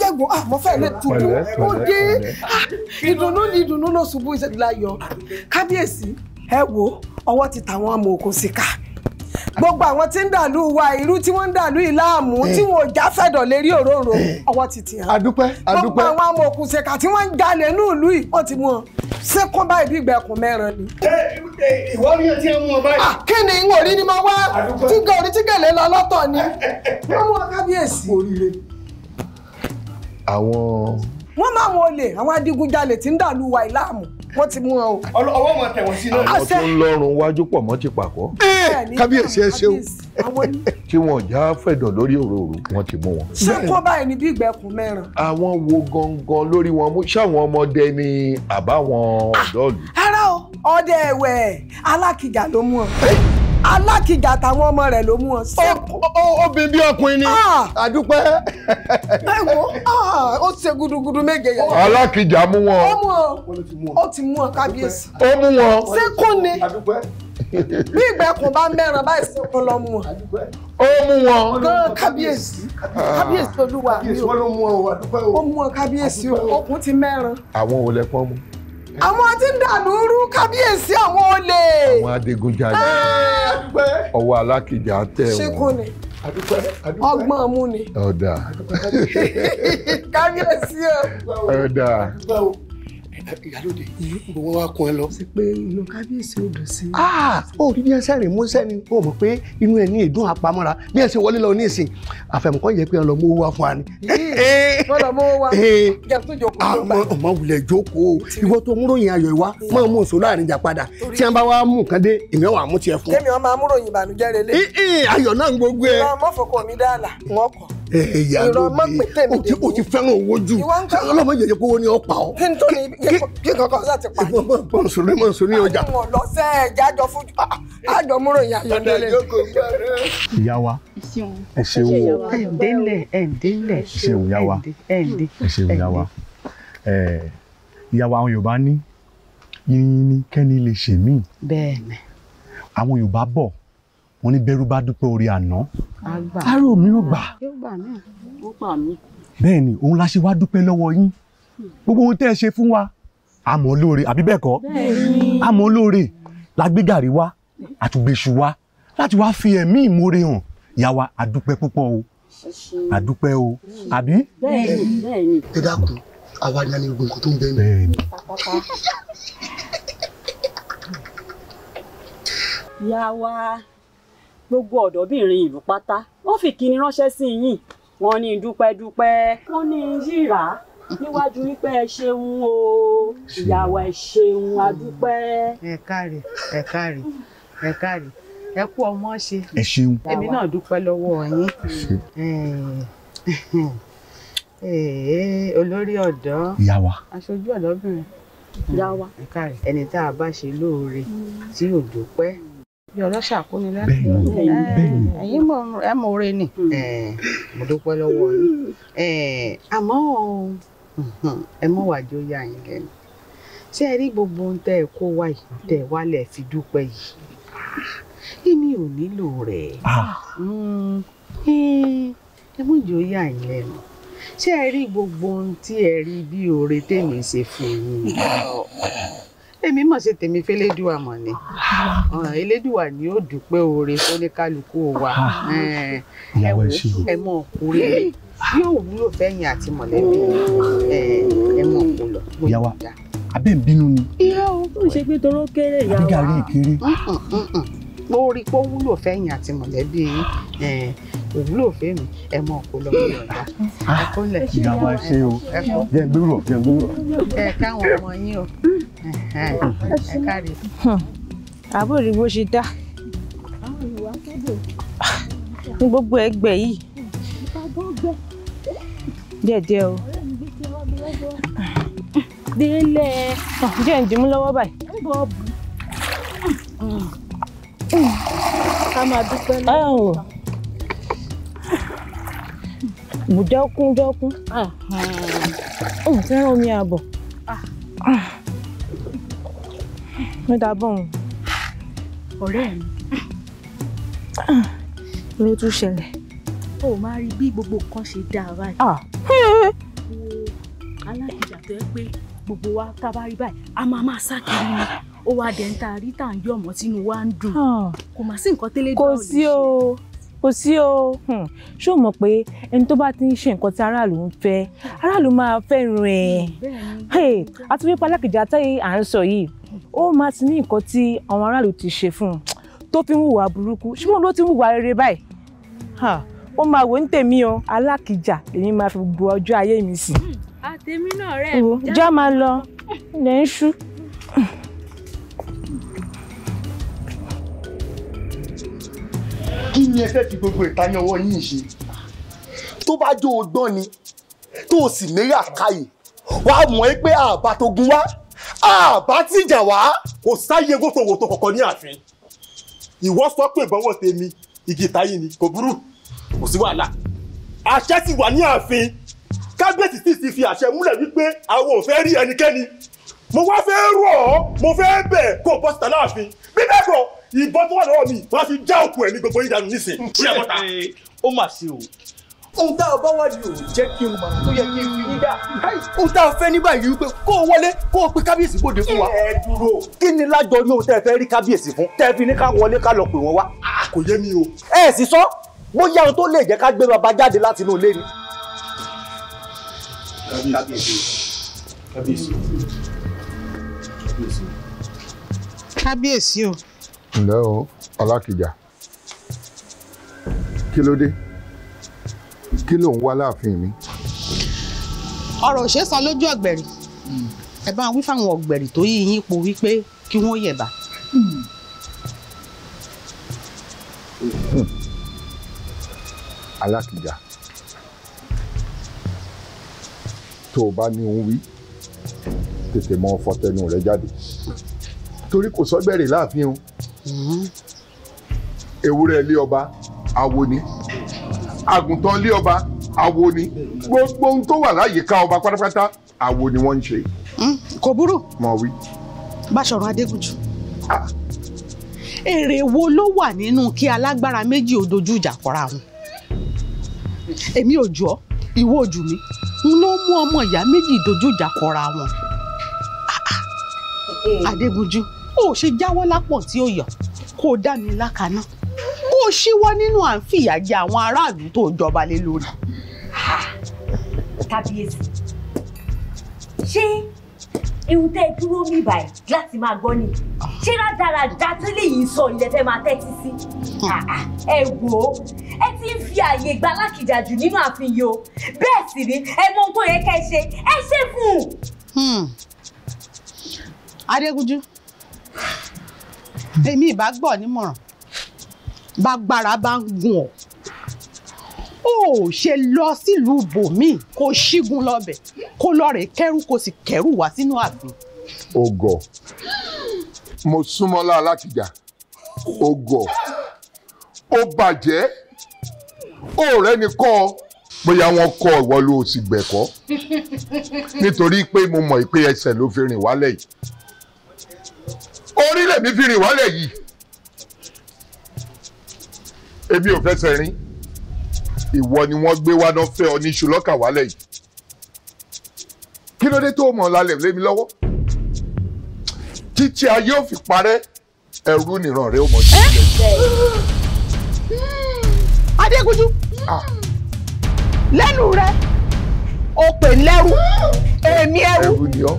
jẹ́gun mo fẹ́ lè tutù ó dé ìdùnnú ni ìdùnnú ló ṣubú ìṣẹ́gun láyọ̀ kábíyèsí ẹ wo ọwọ́ ti tàwọn amòòkùn síkà gbogbo àwọn tí ń dàlú wa irú tí wọ́n ń dàlú ìlàmú eh. tí wọn ò já fẹ̀dọ̀ lérí òróró eh. ọwọ́ ti tì hàn. adúpẹ́ adúpẹ́ gbogbo àwọn amòkùnṣèkà tí wọ́n ń jalè ní ìlú yìí wọ́n ti mú wọn ṣé kó eh, báyìí bí ìgbà ẹ̀kún mẹ́rin ni. ìwọ ni ọtí ẹ mú ọ kí ni n ò ni mo wá tí gẹ̀ orí tí gẹ̀lẹ́ lọ lọ́tọ̀ ni wọ́n mú ọ kábíyèsí. àwọn. wọ́n máa wọlé àwọn adigunjalè tí ń dàlú wa ìlàmú wọ́n ti mú wọn o. ọwọ́ wọn tẹ̀ wọ́n sí náà. àwọn tó ń lọ́rùn wájú pọ̀ mọ́ ti pàkọ́. Eh, kábíyèsí ẹ ṣeun tí wọn já fẹ̀dọ̀ lórí òróró wọn ti mú wọn. ṣé kó báyìí ni bí ìgbẹ́kùn mẹ́rin. àwọn wo gangan lórí wọn mú ṣáwọn ọmọdé ni àbáwọn ọ̀dọ́ ìlú. Ah, rárá o ọdẹ ẹ̀wẹ̀ alákìjà ló mú ọ. Eh, alákìjà àtàwọn ọmọ rẹ̀ ló mú wọn. obìnrin bí ọkùnrin ni ah! àdúpẹ́. ẹ wo ah, ó ṣe gudugudu méje yẹn. alákìjà mú wọn. ó mú wọn ó ti mú wọn kábíyèsí. ó mú wọn. sínkún ni bí ìgbẹ́kùn bá mẹ́ràn báyìí sínkún lọ mú wọn. ó mú wọn. gan kábíyèsí kábíyèsí olúwa mi ò ó mú wọn kábíyèsí o okùn ti mẹ́ràn. àwọn olè pọ́n mú. àwọn tí ń dànù rú kábíyèsí àwọn olè. àwọn adigunjalè ah! ọwọ́ alákìjà tẹ wọn. ṣé kò ní ọgbọ́n mú ni. ọ̀dà. kábíyèsí o. ọ̀dà. ìyálóde gbogbo wọn wá kun ẹ lọ. ṣe pé inú kábíyèsí ò dùn sí. Ah, ó rí bí ẹsẹ̀ rìn músẹ́ ni ó mọ̀ pé inú ẹ̀ ní ìdún àpamọ́ra bí ẹ ṣe wọlé lọ ní ìsìn àfẹ̀mọ́kọ́ yẹ pé ọlọ́mọ owó wa fún wa ni. wọ́n lọ mọ owó wa eh, jẹ́ tó jókòó. Ah, àmọ́ ọmọ wulẹ̀ jókòó ìwọ tó múròyìn ayọ̀ ìwá máa mú òṣòro àrìn jà padà tí a bá wá mú nǹkan dé èmi wà á mú tiẹ̀ fún. kémi ọmọ amúròyìn ìbànújẹ́ rẹ lé. Eh, eh, ayọ̀ náà ń ẹ̀yà lóde o ti fẹ́ràn owó jù ọlọ́mọ yẹ̀yẹ kó wọ́n ní ọ̀pá ọ. kí n tó ní kí kankan sá ti pàdé. ìfọwọ́ máa ń sọ̀rọ̀ máa ń sọ̀rọ̀ ní ọjà. àwọn ọlọ́sẹ̀ ẹ̀já jọ fún ah, ah, àjọ múrò ìyá yọ délé. ìyá wa ẹ ṣeun o ẹ̀ǹdẹ́lẹ̀ ẹ̀ǹdẹ́lẹ̀ ẹ ṣeun ìyá wa ẹ ṣeun ìyá wa ìyá wa àwọn Yorùbá ní yìnyín ní kẹ́ni lè ṣèmí. bẹ́ẹ̀ ni àwọn Yorùbá bọ̀ wọ́n ní bẹ́rù bá dúpẹ́ orí àná tárò mìíràn gbà bẹ́ẹ̀ ni òun la ṣe wá dúpẹ́ lọ́wọ́ yín gbogbo ohun tẹ́ ẹ ṣe fún wa àmọ́ lóore àbí bẹ́ẹ̀ kọ́ àmọ́ lóore la gbé gàrí wá àtúgbèṣù wa láti wá fi ẹ̀mí ìmoore hàn ìyá wa àdúpẹ́ púpọ̀ o àdúpẹ́ o àbí. ẹ dákun àwa ni a ní gbogbo nǹkan tó ń bẹ ní. ìyá wa gbogbo ọ̀dọ́bìnrin ìlú pátá wọ́n fi kíni ránṣẹ́ sí yín wọ́n ní dúpẹ́ dúpẹ́ wọ́n ní yíra níwájú wípé ẹ ṣeun o ìyàwó ẹ ṣeun adúpẹ́. ẹ káre ẹ káre ẹ káre ẹ kú ọmọ ṣe. ẹ ṣeun. èmi náà dúpẹ́ lọ́wọ́ yín. olórí ọ̀dọ́. ìyá wa. aṣojú ọ̀dọ́bìnrin. ìyá wa. ẹ káre ẹni tá a bá ṣe lóore tí ò dúpẹ́ yọ̀rọ̀ ṣàkóni lẹ́kùn ẹ̀yin ẹ mọ oore ni. Eh, mo dúpẹ́ lọ́wọ́ yín eh, àmọ́ ẹ mọ̀ wá jó yá yín lẹ́nu ṣé ẹ rí gbogbo ohun tẹ́ ẹ kó wá yìí tẹ́ ẹ wálẹ̀ fi dúpẹ́ yìí ah, èmi ò nílò rẹ̀ ah. hmm, eh, ẹ mọ̀ jó yá yín lẹ́nu ṣé ẹ rí gbogbo ohun tí ẹ rí bí oore tèmi ṣe fún yín. Ah, èmi mọ̀ ṣe tèmi fẹ́lẹ́dùwà mọ̀ ni ah. elédùwà ni ó dúpẹ́ oore fóníkálukú wa ah. ẹ mọ̀ ọkùnrin mi yóò wúlò fẹ́yìn àti mọ̀lẹ́bí ẹ mọ̀ kò lọ. yàwá abẹ́ ń bínú ni. irọ́ o tó ń ṣe pé toró kéré yàwá. àbí gàrí ìkéré. Mm, mm, mm, mo rí i pé ó wúlò fẹ́yìn àti mọ̀lẹ́bí kò wúlò fẹ́mi ẹ mọ̀ kò lọ mọ̀ lọ́dà. ẹ kúnlẹ̀. Ah, ìyàwó ẹ ṣe o jẹ́ gbúrò jẹ́ gbúrò. ẹ káwọn ọmọ yín o ẹ káre. àbúrò rí bó ṣe dá ní gbogbo ẹgbẹ́ yìí díẹ̀díẹ̀ o. délé. jẹ́ ǹdí mú lọ́wọ́ báyìí. ká máa dúpẹ́ lọ́wọ́ mo dọ́kún dọ́kún. n fẹ́ràn omi àbọ̀. Ah ló dáa bọ̀hún. ọ̀rẹ́ mi. Ah, ló tún ṣẹlẹ̀. o ò máa rí bí gbogbo nǹkan ṣe dáa báyìí. Ah. alákìjà tó yẹ pé gbogbo wa tá a bá rí báyìí a máa máa sá kiri ni ó wá dẹ̀ ń ta rí ń yọ̀mọ́ sínú wa ń dùn ah. kò má sí nǹkan tẹ́lẹ̀ dá ò lè ṣe. kò sí o kò sí o hmm. ṣé o mọ̀ pé ẹni tó bá ti ń ṣe nǹkan tí aráàlú ń fẹ́ aráàlú máa fẹ́ràn ẹ̀ àti wípé alákìjà táyé à ń sọ yìí ó máa ti ní nǹkan tí àwọn aráàlú ti ṣe fún un tó fi ń hùwà burúkú ṣùgbọ́n ló ti ń hùwà rere báyìí ó máa wò ń tèmi o alákìjà èmi máa fi gbọ́ ọjọ́ ayé mi sí. àtẹ̀mí hmm. náà rẹ̀ já máa lọ ilẹ̀ kí ni ẹ fẹ́ fi gbogbo ìtayín ọwọ́ yín ṣe tó bá jó o gbọ́n ni tó o sì lérí àkáyè wàá mọ̀ ẹ́ pé àbá tó gun wá àbá tìjà wá kò sáyé wòtòwòtò kọ̀ọ̀kan ní ààfin ìwọ sọ pé ìbọwọ́ tèmi igi ìtayín ni kò burú kò sí wàhálà àṣẹ ti wà ní ààfin kábíyèsí sì ti fi àṣẹ múlẹ̀ wípé àwọn ò fẹ́ rí ẹnikẹ́ni mo wá fẹ́ rọ̀ ọ́ mo fẹ́ bẹ̀ kó o bọ́ síta láàfin bí bẹ́ẹ̀ kọ́ ìbọn tó wà lọ́wọ́ mi wọ́n fi já òkú ẹ̀ ní gbogbo ìdánù nísìn. ó mà sí o ohun tá a bá wá di òun jẹ́ kí n mọ̀ tó yẹ kí n fi yín dá. ohun tá a fẹ́ ní báyìí wípé kó o wọlé kó o pe kábíyèsí bòde fún wa. ẹ dúró. kí ni lájọ ní o tẹ́ fẹ́ rí kábíyèsí fún tẹ́ fi ní ká wọlé ká lọ pè wọ́n wá. kò yé mi o. ẹ sì sọ bóyá ohun tó lè jẹ́ ká gbé baba jáde láti inú ilé ni. kábíyèsí o ǹlẹ́ o ọlákìjà kí ló dé kí ló ń wá láàfin mi. ọ̀rọ̀ ò ṣe é sọ lójú ọ̀gbẹ̀rì ẹ bá wí fáwọn ọ̀gbẹ̀rì tó yí yín po wípé kí wọ́n yẹ̀bà. alákìjà tó o bá ní òun wí tètè mọ fọtẹnu rẹ jáde torí kò sọgbẹrì láàfin o ewúrẹ́ ilé ọba awo ni àgùntàn ilé ọba awo ni gbogbo ohun tó wà láyìíká ọba pátápátá awo ni wọ́n ń ṣe. Hmm, kò burú mọ̀ wí. Báṣọ̀run Adégúnjú èrè wo ló wà nínú kí alágbára méjì ò dojú ìjà kọra wọn èmi ò jọ ìwọ ojú mi n ló mú ọmọ ìyá méjì dojú ìjà kọra wọn ah, ah. Adégúnjú bó o ṣe jáwọ́ lápọ̀ tí ó yọ kó o dá mi lákaná kó o ṣíwọ́ nínú à ń fìyà jẹ àwọn aráàlú tó jọba lé lórí. kábíyèsí ṣé irun tẹ́ ẹ dúró mi báyìí láti máa gbọ́ ni ṣé rádaràda tó lè yìí sọ ilẹ̀ fẹ́ máa tẹ́tí sí. ẹ wò ó ẹ ti ń fi àyè gba alákìjà jù nínú ààfin yìí o bẹ́ẹ̀ sì ni ẹ mọ ohun tó yẹ ká ẹ ṣe ẹ ṣe fún un. Hmm. adégúnjú èmi ìbá gbọ́ nímọ̀ràn bágbára bá ń gùn ọ́ ó ṣe lọ sílùú bòmíì kó ṣígun lọ́bẹ̀ kó lọ́ọ̀rẹ́ kẹ́rù kó sì kẹ́rù wá sínú àgbẹ̀. ògọ mo súnmọ́lá láti jà ògọ ó bàjẹ́ ó rẹ́ ni kọ́ ọ bóyá wọ́n kọ́ ìwọ ló sì nítorí pé mo mọ̀ pé ẹsẹ̀ ló fi rìn wálẹ̀ yìí orílẹ̀ mi fi rìn wálẹ̀ yìí èmi ò fẹsẹ̀ rìn ìwọ ni wọ́n gbé wá náà fẹ́ ọ ní iṣu lọ́kà wálẹ̀ yìí kí ló dé tó mọ̀ lálẹ́ lémi lọ́wọ́ títí ayé ò fi parẹ́ ẹrú nìran rẹ ó mọ̀ sí ilẹ̀. adégunjú ah. lẹ́nu rẹ o pè lẹ́rú èmi ẹrú. ẹrú ni ọ́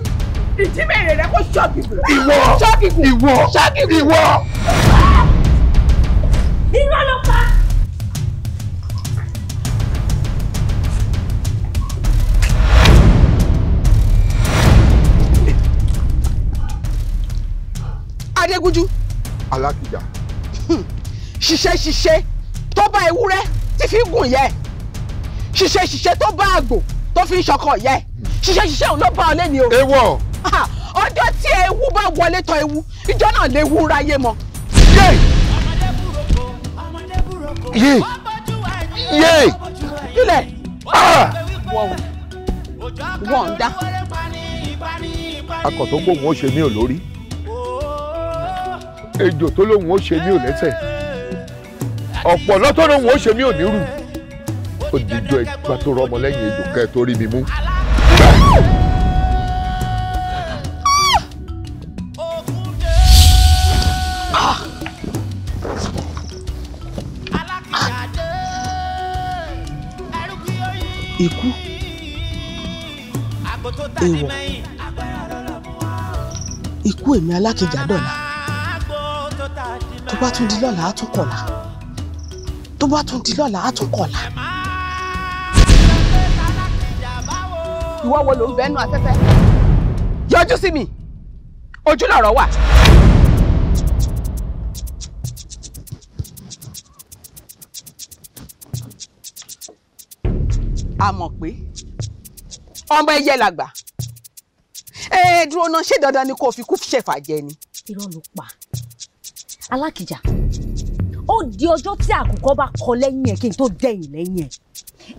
ìjímèrè rẹ kó ṣọ́ọ̀kìgùn. ìwọ ṣọ́ọ̀kìgùn ìwọ ṣọ́ọ̀kìgùn ìwọ. irọ́ ló pa. adégúnjú. alákìjà. Hmm. ṣiṣẹ́ ṣiṣẹ́ tó bá ewúrẹ́ tí fi ń gùn yẹ ṣiṣẹ́ ṣiṣẹ́ tó bá àgbò tó fi ń ṣọkọ yẹ hmm. ṣiṣẹ́ ṣiṣẹ́ òun ló bá ọ lẹ́ni o. ewọ ọjọ́ tí ewu bá wọlé tọ̀ ewu ìjọ náà lè wú ráyé mọ́. yé yé yé ilẹ̀ ah! wọ̀ ń dá. akọ̀ tó gbóhùn ó ṣe mí ò ejò tó lóhùn ó ṣe mí ò ọ̀pọ̀ lọ́tọ́ lóhùn ó ṣe mí ò òdìjọ ẹgbà tó rọmọ lẹ́yìn ejò kẹ́ẹ̀ tó mi mú. ikú èèwọ̀ ikú èmi alákejì àdọ̀la tó bá tún di lọ́la á tún kọ̀la tó bá tún di lọ́la á tún kọ̀la. ìwọ wo ló ń bẹnu afẹ́fẹ́ yọjú sí mi ojú lọ̀rọ̀ wà. a mọ̀ pé ọmọ ẹyẹ làgbà ẹ dúró náà ṣé dandan ni kò fi kú ṣẹ̀fà jẹ ni. irọ́ ló pa alákìjà ó di ọjọ́ tí àkùkọ bá kọ lẹ́yìn ẹ̀ kí n tó dẹ̀yìn lẹ́yìn ẹ̀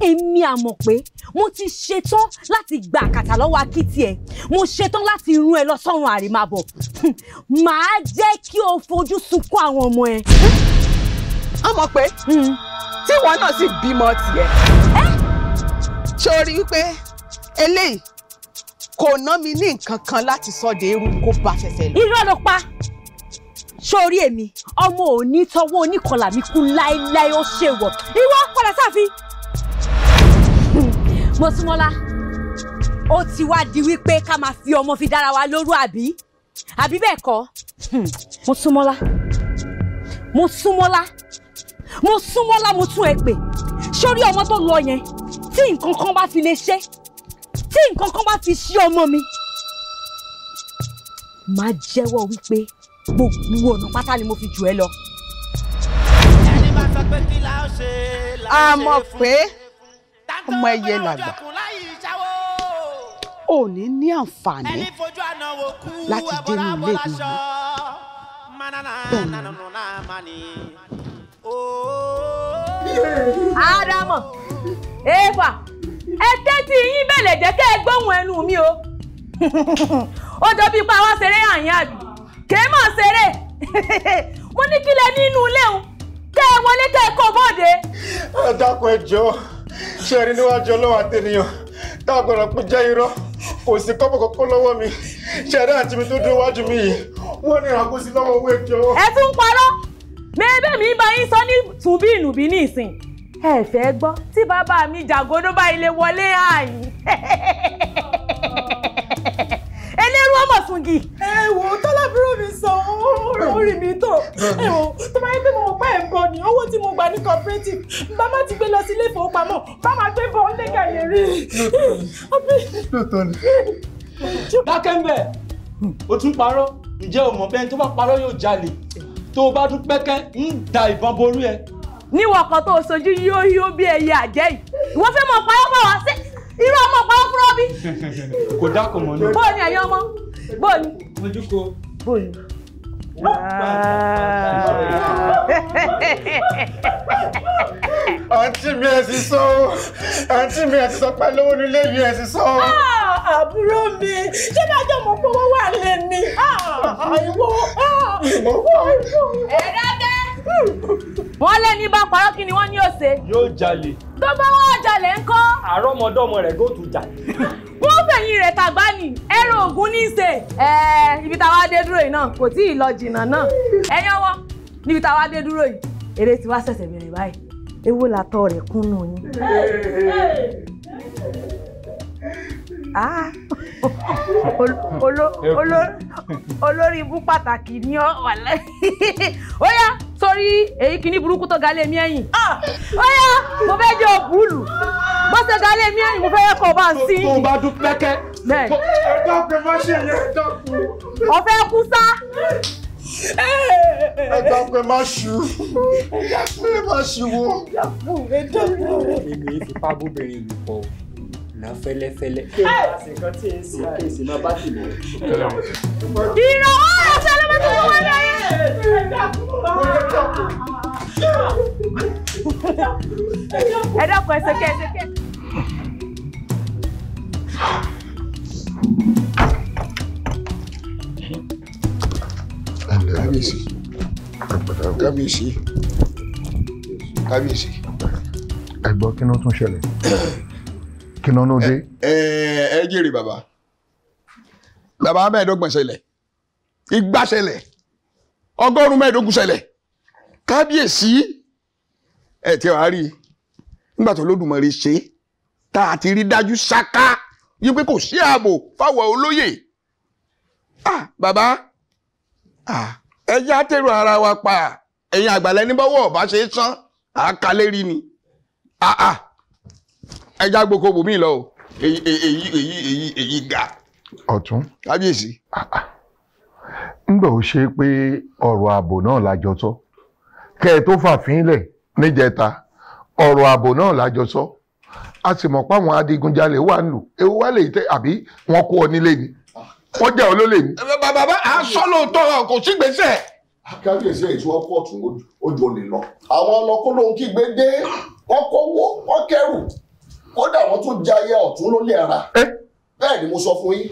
èmi àmọ̀ pé mo ti ṣetán láti gba àkàtà lọ́wọ́ akitì ẹ̀ mo ṣetán láti rún ẹ lọ sọ́run àrèmábọ̀ màá jẹ́ kí o fojú sunkún àwọn ọmọ ẹ. ọmọ pé hmm. tí wọn náà sì bímọ tiẹ̀. ẹ sórí wípé eléyìí kò ná mi ní nǹkan kan láti sọ de irú kó bá fẹ́fẹ́ lọ. irọ́ ló pa sórí èmi ọmọ òní tọwọ́ oníkọlà mi kú láéláé ó ṣèwọ̀ ìwọ padà sáàfin mọ́túmọ́lá ó ti wá di wípé ká máa fi ọmọ fi dára wa lóru àbí àbí bẹ́ẹ̀ kọ́ mọ́túmọ́lá hmm, mọ́túmọ́lá mọ́túmọ́lá mo tún ẹ pè sórí ọmọ tó lọ yẹn tí nǹkan kan bá fi lè ṣe tí nǹkan kan bá ti ṣe ọmọ mi máa jẹ́wọ́ wípé gbogbo ọ̀nà pátá ni mo fi jù ẹ lọ. ẹni máa sọ pé kí la ó ṣe la ó ṣe fún. ọmọ ẹyẹ làgbà ò ní ní àǹfààní láti dé ní ilé ìgbìmọ̀ bẹ́ẹ̀ ni. Adamo. Eva. Ete ti yi bele je ke gbohun enu mi o. O do bi pa sere ayan abi. Ke mo sere. Mo ni ninu ile o. Ke wole ke ko bode. O da ko ejo. Sere ni wa jo Ta gboro pe je iro. Ko si ko boko ko lowo mi. Sere ati mi to do waju mi. Won ni ra ko si lowo mẹ́ẹ̀bẹ̀ mi bá yín sọ ní tùbí ìnùbí ní ìsìn ẹ fẹ́ gbọ́ tí bàbá mi jàgódó bá ilé wọlé àyìn eléru ọmọ sungi. ẹ wo tọ́lábíró mi sọ orí mi tó ẹ wo tó bá yẹ pé mo mọ̀ pé ẹ̀ ń bọ̀ ni owó tí mo gbà ní cooperative bá má ti gbé lọ sí ilé ìfowópamọ́ bá má gbé bọ̀ lẹ́gà lè rí i. lóòótọ́ ni. dákẹ́ ń bẹ̀ hmm. o tún parọ́ ǹjẹ́ o mọ̀ bẹ́ẹ̀ tó bá parọ́ yóò jalè tó o bá tún pẹ́kẹ́ ń da ìbọn borí ẹ. níwọ̀n kan tó o sojú yóò yóò bí ẹyẹ àjẹ́ yìí ìwọ fẹ́ mọ̀ pààyàn fún wa ṣé irú ọmọ pààyàn fún ọ bí. kò dákọ̀ mọ́ náà. bóò ni ẹ̀yin ọmọ bóò ojú ko. bóò Ah. àǹtí mi ẹ̀ sì sọ ọ́ àǹtí mi ẹ̀ sì sọ pẹ̀lú onílé mi ẹ̀ sì sọ ọ́. Ah, àbúrò mi ṣé bá jẹ́ mo pọ́wọ́ wà lé ni ìwọ ìwọ ìwọ wọ́n lé ní bá parọ́ kí ni wọ́n ní ó ṣe. yóò jalè. tó bá wọ́n jalè ńkọ́. àrọ́mọdọ́mọ rẹ̀ ló tún jà. wọ́n fẹ̀yìn rẹ̀ tàgbá nì ẹ̀rọ ògùn ní í ṣe. ẹ̀ẹ́ ibi táwa dé dúró yìí náà kò tí ì lọ jìnnà náà. ẹ̀yán wọ níbi táwa dé dúró yìí eré tiwa ṣẹ̀ṣẹ̀ bẹ̀rẹ̀ báyìí ewo làtọ̀ rẹ̀ kúnnù yín. Ah. olórí ibú pàtàkì ni ọ wà lẹ́yìn ó sórí èyí kìíní burúkú tó ga lé mi ẹ̀yìn ó ah, mo fẹ́ jẹ́ òbúlù bó ṣe ga lé mi ẹ̀yìn mo fẹ́ kọ́ bá ń sí. tó o bá dún pẹ́kẹ́. bẹ́ẹ̀ ẹ̀dọ́ pé má ṣe yẹn ẹ̀dọ́ kù. ọ̀fẹ́ kú sá. ẹ̀dọ́ pé má ṣu ẹ̀dọ́ pé má ṣu wo. ẹ̀dọ́ pé má ṣu wo. èmi ìfipá bóbìnrin lù pọ̀ o ná fẹ́lẹ́fẹ́lẹ́. ìrọ̀ ọ̀rọ̀ tí ọlọ́mọ tó wọ́n láyé. ẹ dákun ẹ ṣèké ẹ ṣèké. kábíyèsí kábíyèsí kábíyèsí. ẹ gbọ́ kí ló tún ṣẹlẹ̀. kí náà ló dé. ẹ ẹ jèrè bàbá bàbá mẹ́ẹ̀ẹ́dọ́gbọ̀n ṣẹlẹ̀ igba ṣẹlẹ̀ ọgọ́rùn mẹ́ẹ̀ẹ́dógún ṣẹlẹ̀ kábíyèsí ẹ ti wàá rí i nígbà tó lódùmarè ṣe tá a ti rí dájú ṣáká yí pé kò sí ààbò fáwọn olóyè ah bàbá ah ẹ jẹ́ àtẹ̀rù ara wa pa ẹ̀yin àgbàlẹ́ níbọ̀wọ̀ ọ̀bá ṣe é tán àákalẹ́rí ni ah ah. ẹja gboko lọ o èyí èyí èyí èyí èyí ga. ọ̀tún. kábíyèsí. Ah, ah. ńgbà ó ṣe pé ọrọ ààbò náà lájọ sọ kẹ́ tó fàfin níjẹta ọ̀rọ̀ ààbò náà lájọ sọ a sì mọ̀ páwọn adigunjalè wà nù ewu lè tẹ àbí wọn kó ọ nílé ni bàbá bá a sọ lóòótọ́ kò ah, ojú lọ àwọn kódà wọ́n tún jayé ọ̀tún lólè ara bẹ́ẹ̀ ni mo sọ fún yín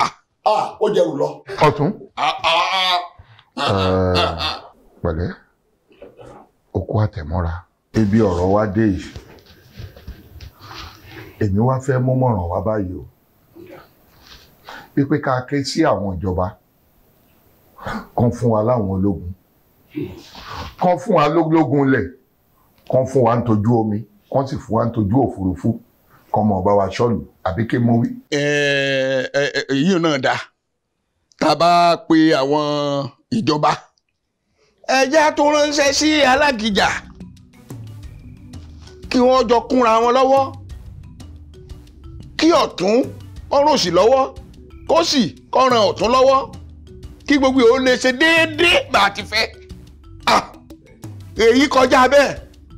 ah. ó jẹrù lọ. ọ̀tún. pẹ̀lẹ́ òkú àtẹ̀mọ́ra ibi ọ̀rọ̀ wa dé yìí èmi wá fẹ́ mú mọ̀ràn wá báyìí o wípé ká ké sí àwọn ìjọba kan fún wa láwọn ológun kan fún wa lógún lẹ̀ kan fún wa ń tọ́jú omi kan sì fún wa ń tọ́jú òfurufú kọmọ ọba wa ṣọ́ọ̀lù àbí ké mo wí. èyí náà dáa tá a bá pe àwọn ìjọba ẹjá tó ránṣẹ́ sí alákìjà kí wọ́n jọ kúnra wọn lọ́wọ́ kí ọ̀tún ọ̀rùn òsì lọ́wọ́ kó sì kọ́ran ọ̀tún lọ́wọ́ kí gbogbo ìhó lè ṣe déédéé bá a ti fẹ́ ah, èyí kọjá bẹ́ẹ̀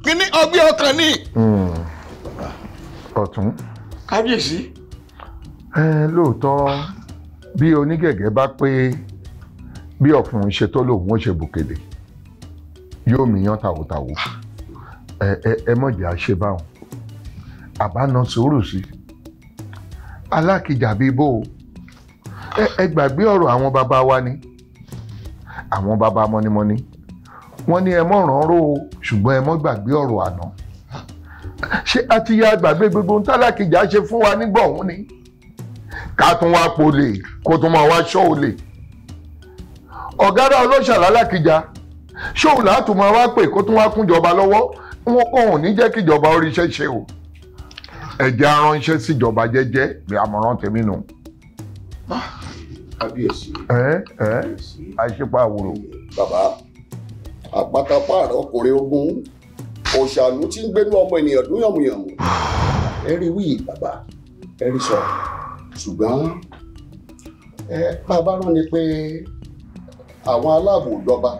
kí ni ọgbẹ́ ọkàn ni. Mm. Ọ̀tún. kábíyèsí. ẹ lóòótọ́ bí onígẹ̀gẹ̀ bá pé bí ọ̀fun ṣe tó lòun ó ṣe bùkèlè yóò mìíyàn tàwòtàwò ẹ ẹ ẹ mọ̀jẹ̀ àṣẹ báwọn àbáná sùúrù sí alákìjà bíi bó ẹ ẹ gbàgbé ọ̀rọ̀ àwọn bàbá wa ni àwọn bàbá mọ́nímọ́ní wọ́n ní ẹ mọ̀ràn ró o ṣùgbọ́n ẹ mọ́ gbàgbé ọ̀rọ̀ àná ṣé a ti ya gbàgbé gbogbo ń tálákìjà ṣe fún wa nígbà òun ni ká tún wá polè kó tún máa wá ṣọ́ olè ọ̀gára ọlọ́ṣà lálákìjà ṣóun láàtún máa wá pè kó tún wá kúnjọba lọ́wọ́ wọn kò hàn ní jẹ́ kíjọba oríṣẹ́ ṣe o ẹ̀jẹ̀ aránṣẹ́ síjọba jẹ́jẹ́ bí àmọ̀ràn tèmi nù. Ah, kábíyèsí àṣepàwòrò. bàbá àpátápá àrọ́kùnrin ogun òṣàlù tí ń gbénú ọmọ ènìyàn dún yànmùyànmù ẹ rí wí bàbá ẹ rí sọ ṣùgbọ́n ẹ bàbá rán ni pé àwọn aláàbò ìjọba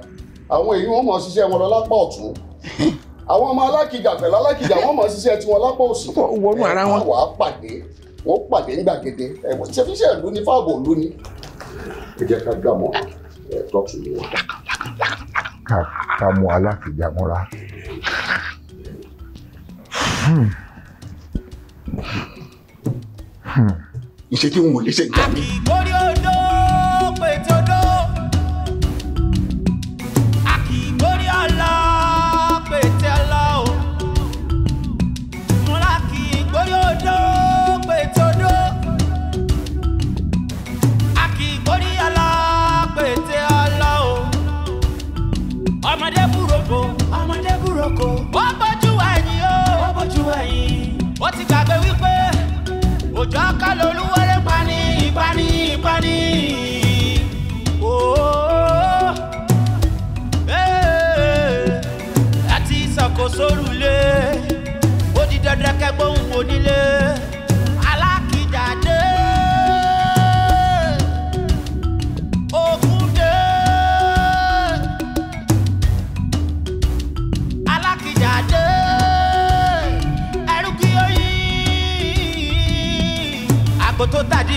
àwọn èyí wọn mọ̀ ṣiṣẹ́ wọn lọ lápá ọ̀tún àwọn ọmọ alákìjà pẹ̀lú alákìjà wọn mọ̀ ṣiṣẹ́ tiwọn lápá òsì wọnú ara wọn wàá pàdé wọn pàdé ń gbàgede ẹwọ ṣe fi ṣe ìlú ní fáàbò ìlú ni. ẹ jẹ́ ká gbà mọ́ ẹ̀ tọ́tù ni wọ́n. ká mú alákìjà mọ́ra. Hmm. Hmm. wọn ò lè ṣe gbà mí. àbí ìgbórí odò pètò. lolúwẹ́rẹ́ pani pani ìpani. Oh, eh, láti ṣàkóso rúlé ó di dandan kẹgbóhùn onílé.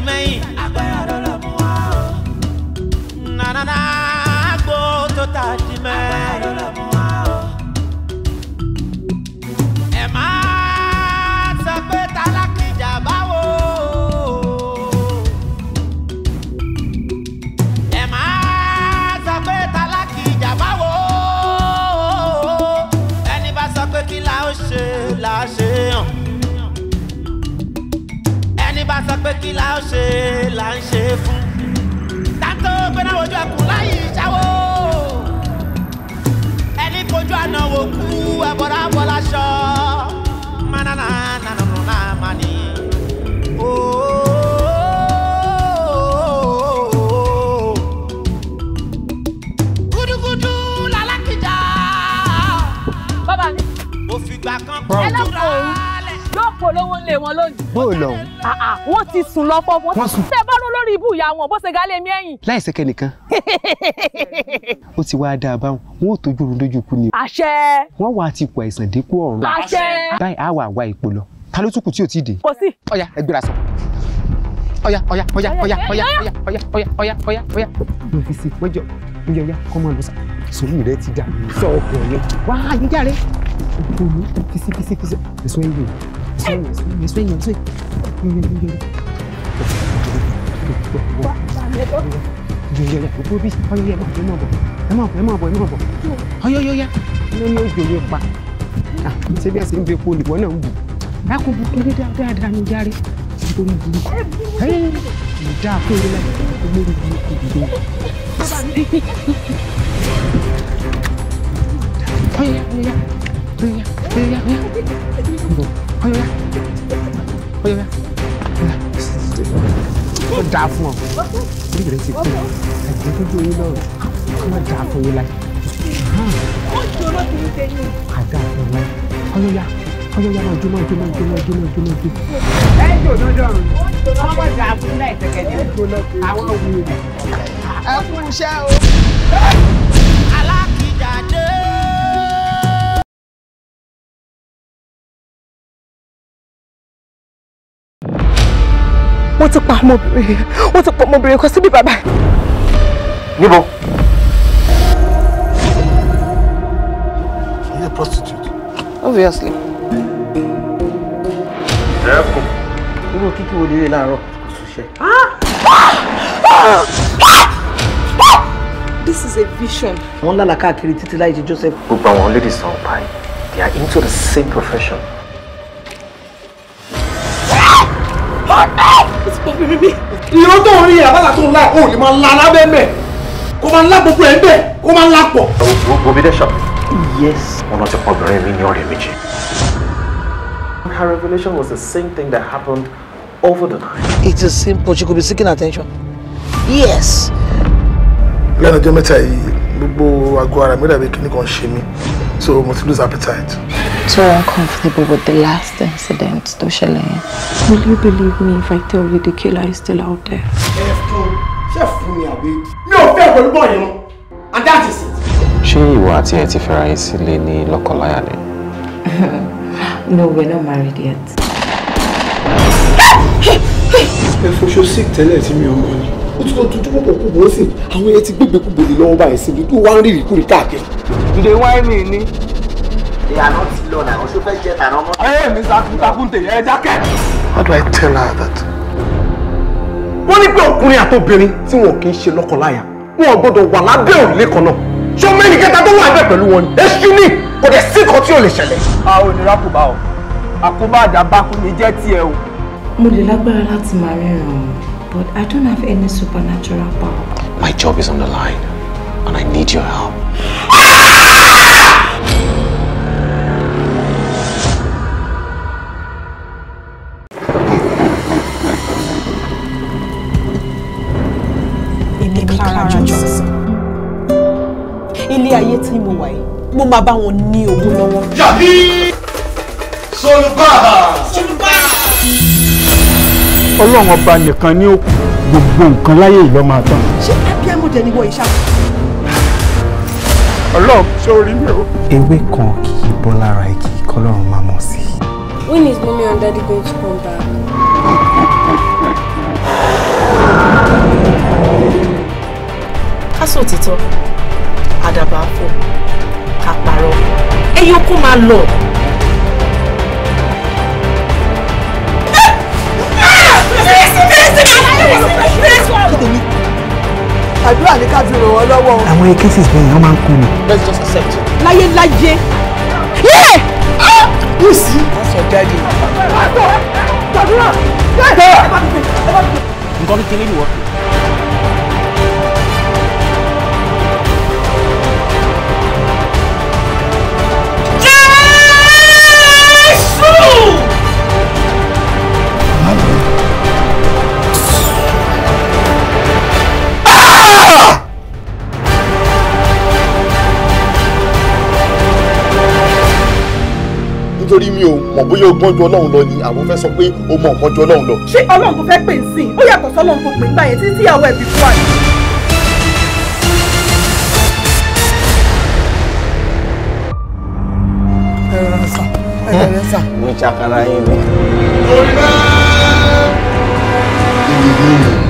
மகிமை wọn lónìí. bóò lọ. Ah, ah, wọ́n ti sùn lọ fọ́ wọn. wọ́n sùn. tẹ bá lọ lórí ibú ìyá wọn bó ṣe ga lé mi ẹ̀yìn. láìsí kẹ́nìkan. ó ti wáá dáa báwọn wọn ò tójú oorun lójú kú ni. àṣẹ. wọ́n wá ti pọ̀ àìsàn dínkù ọ̀run. àṣẹ. báyìí á wà wá ipò lọ ta ló tún kù tí ò tí ì dé. kò sí. ọya ẹ gbéra sọ ọya ọya ọya ọya ọya ọya ọya ọya ọya ọya ọya lọfíìsì mọjọ ọya ọya kọ́ máa lọ sá. sórí rẹ ti dà sọ ọkọ rẹ wá ayé jáde. òkú mi fisi fisi fisi ẹ̀sùn ẹ̀yìn. Me swing, me swing. Ya, ya, ya, gue bisa. Oh iya, emang, emang, emang, emang, emang, emang, oh iya, iya, iya, ini ini jòlè pa. Ah, ṣé bí a ṣe ń fi epo nìwọ náà ń bù. Dákun bu kéré dáadáa ní járe. Nítorí burúkú. Ẹ́ẹ́ ìdá kéré láì olórí burúkú dìde. Ó yá, ó yá, ó yá, ó yá, ó yá. Oyè oyè oyè oyè ó dáa fún ọ orí rẹ ti kú ẹ̀jẹ̀ tó dé oyè náà ó má dáa fún yín láì. ó ṣòro kì í ṣe yín. àdá fún wa oyè oyè oyè oyè máa máa jó máa jó máa jó máa jó máa jó. ẹ jò dandan wọn bá dáa fún náà ìtẹ̀kẹ̀dẹ̀ àwọn òwúrọ̀ ẹ kú iṣẹ́ o. alákìjà dé. wọ́n ti pa ọmọbìnrin wọ́n ti pa ọmọbìnrin kan síbí bàbá. níbo. are you a prostitute. obviously. ẹ̀ẹ́kùn. irú kíkí wo lélẹ̀ láàárọ̀ kò sùn ṣe. this is a vision. wọ́n lálàá káàkiri títí láì ṣe Joseph. gbogbo àwọn lady náà pa yìí they are into the same profession. Oh, ah! no! obìnrin tó ń rí àbálà tó ń la ò lè máa la lábẹ́ mẹ́ kó máa la gbogbo ẹ̀ ń bẹ̀ kó máa la pọ̀. gòmìnà ṣàpè. yes. wọn náà ti pọ obìnrin mi ní ọ̀rẹ́ méjì. her revelation was the same thing that happened over the night. it is simple she could be seeking attention. yes. lẹ́nu ọjọ́ mẹ́ta yìí gbogbo àgọ́ ara mi dàbí kíní kan ṣe mí so mo ti lose appetite so uncomfortable with the last incident tó Will you believe me if I tell you the killer is still out there? Ẹ fún ṣe fún mi àbí? Mi ò fẹ́ pẹ̀lú bọ́ọ̀lù and that is it. Ṣé ìwọ àti ẹ ti fẹ́ra yín sílé No, we're not married yet. Hey, Ẹ fọṣọ sick tẹ́lẹ̀ tí mi ò mọ̀ ni ó ti lọ dúdú púpọ̀ kú bó sì àwọn by ti gbégbé kú bòlè lọ́wọ́ báyìí síbi tó wá ń rìnrìn kúrì káàkiri. ǹdè wáìnì ni They are not loan. I should first get an almost. Hey, Mr. Kutakunte, How do I tell her that? Wọ́n ní pé ọkùnrin àtobìnrin tí wọn kì í ṣe lọ́kọláya wọn ò gbọ́dọ̀ wà lábẹ́ òrùlé kan náà. Ṣé ọmọ ẹnì kẹta tó wà bẹ́ẹ̀ pẹ̀lú wọn ni? Èṣù ni kò dẹ̀ sí kan tí ò lè ṣẹlẹ̀. A ò nira kò bá ọ, àkóbá àdàbákú ni jẹ́ tiẹ̀ o. Mo lè lágbára láti máa ríran, but I don't have any supernatural power. My job is on the line and I need your help. ara jọ ilé ayé tí mo wà yìí mo máa bá wọn ní owó lọ́wọ́. yàbí solubaba. solubaba. ọlọ́run ọba nìkan ní òkú gbogbo nǹkan láyé ìlọ máa tán. ṣé abiyamọ dẹ ni wọ ìṣá. ọlọ́run sórí mi o. ewé kan kì í bọ́ lára igi kọ́lọ́run máa mọ̀ sí. When is mommy and daddy going to come back? ká sòtítọ́ àdàbà fò ká parọ́ ẹyọ kó máa lọ. àdúrà ní ká fi ràn wọ́n lọ́wọ́. àwọn eke sì bẹ̀rẹ̀ wọ́n máa ń kú mi. let's just accept it. láyé láyé. yé kú sí. wọ́n sọ jáde. nǹkan kékeré ni wọ́n fi. mọ̀ bóyá o gbọ́n ọlọ́run lọ ni àwọn fẹ́ sọ pé o mọ nǹkan ọlọ́run lọ. ṣé ọlọ́run tó fẹ́ pè ń sìn ó yàtọ̀ sọ́lọ́run tó pè ń gbà yẹn títí àwọn ẹ̀bí fún wa ẹ rẹ sà ẹ rẹ sà. mo ṣàkàrà yín ni. orí náà.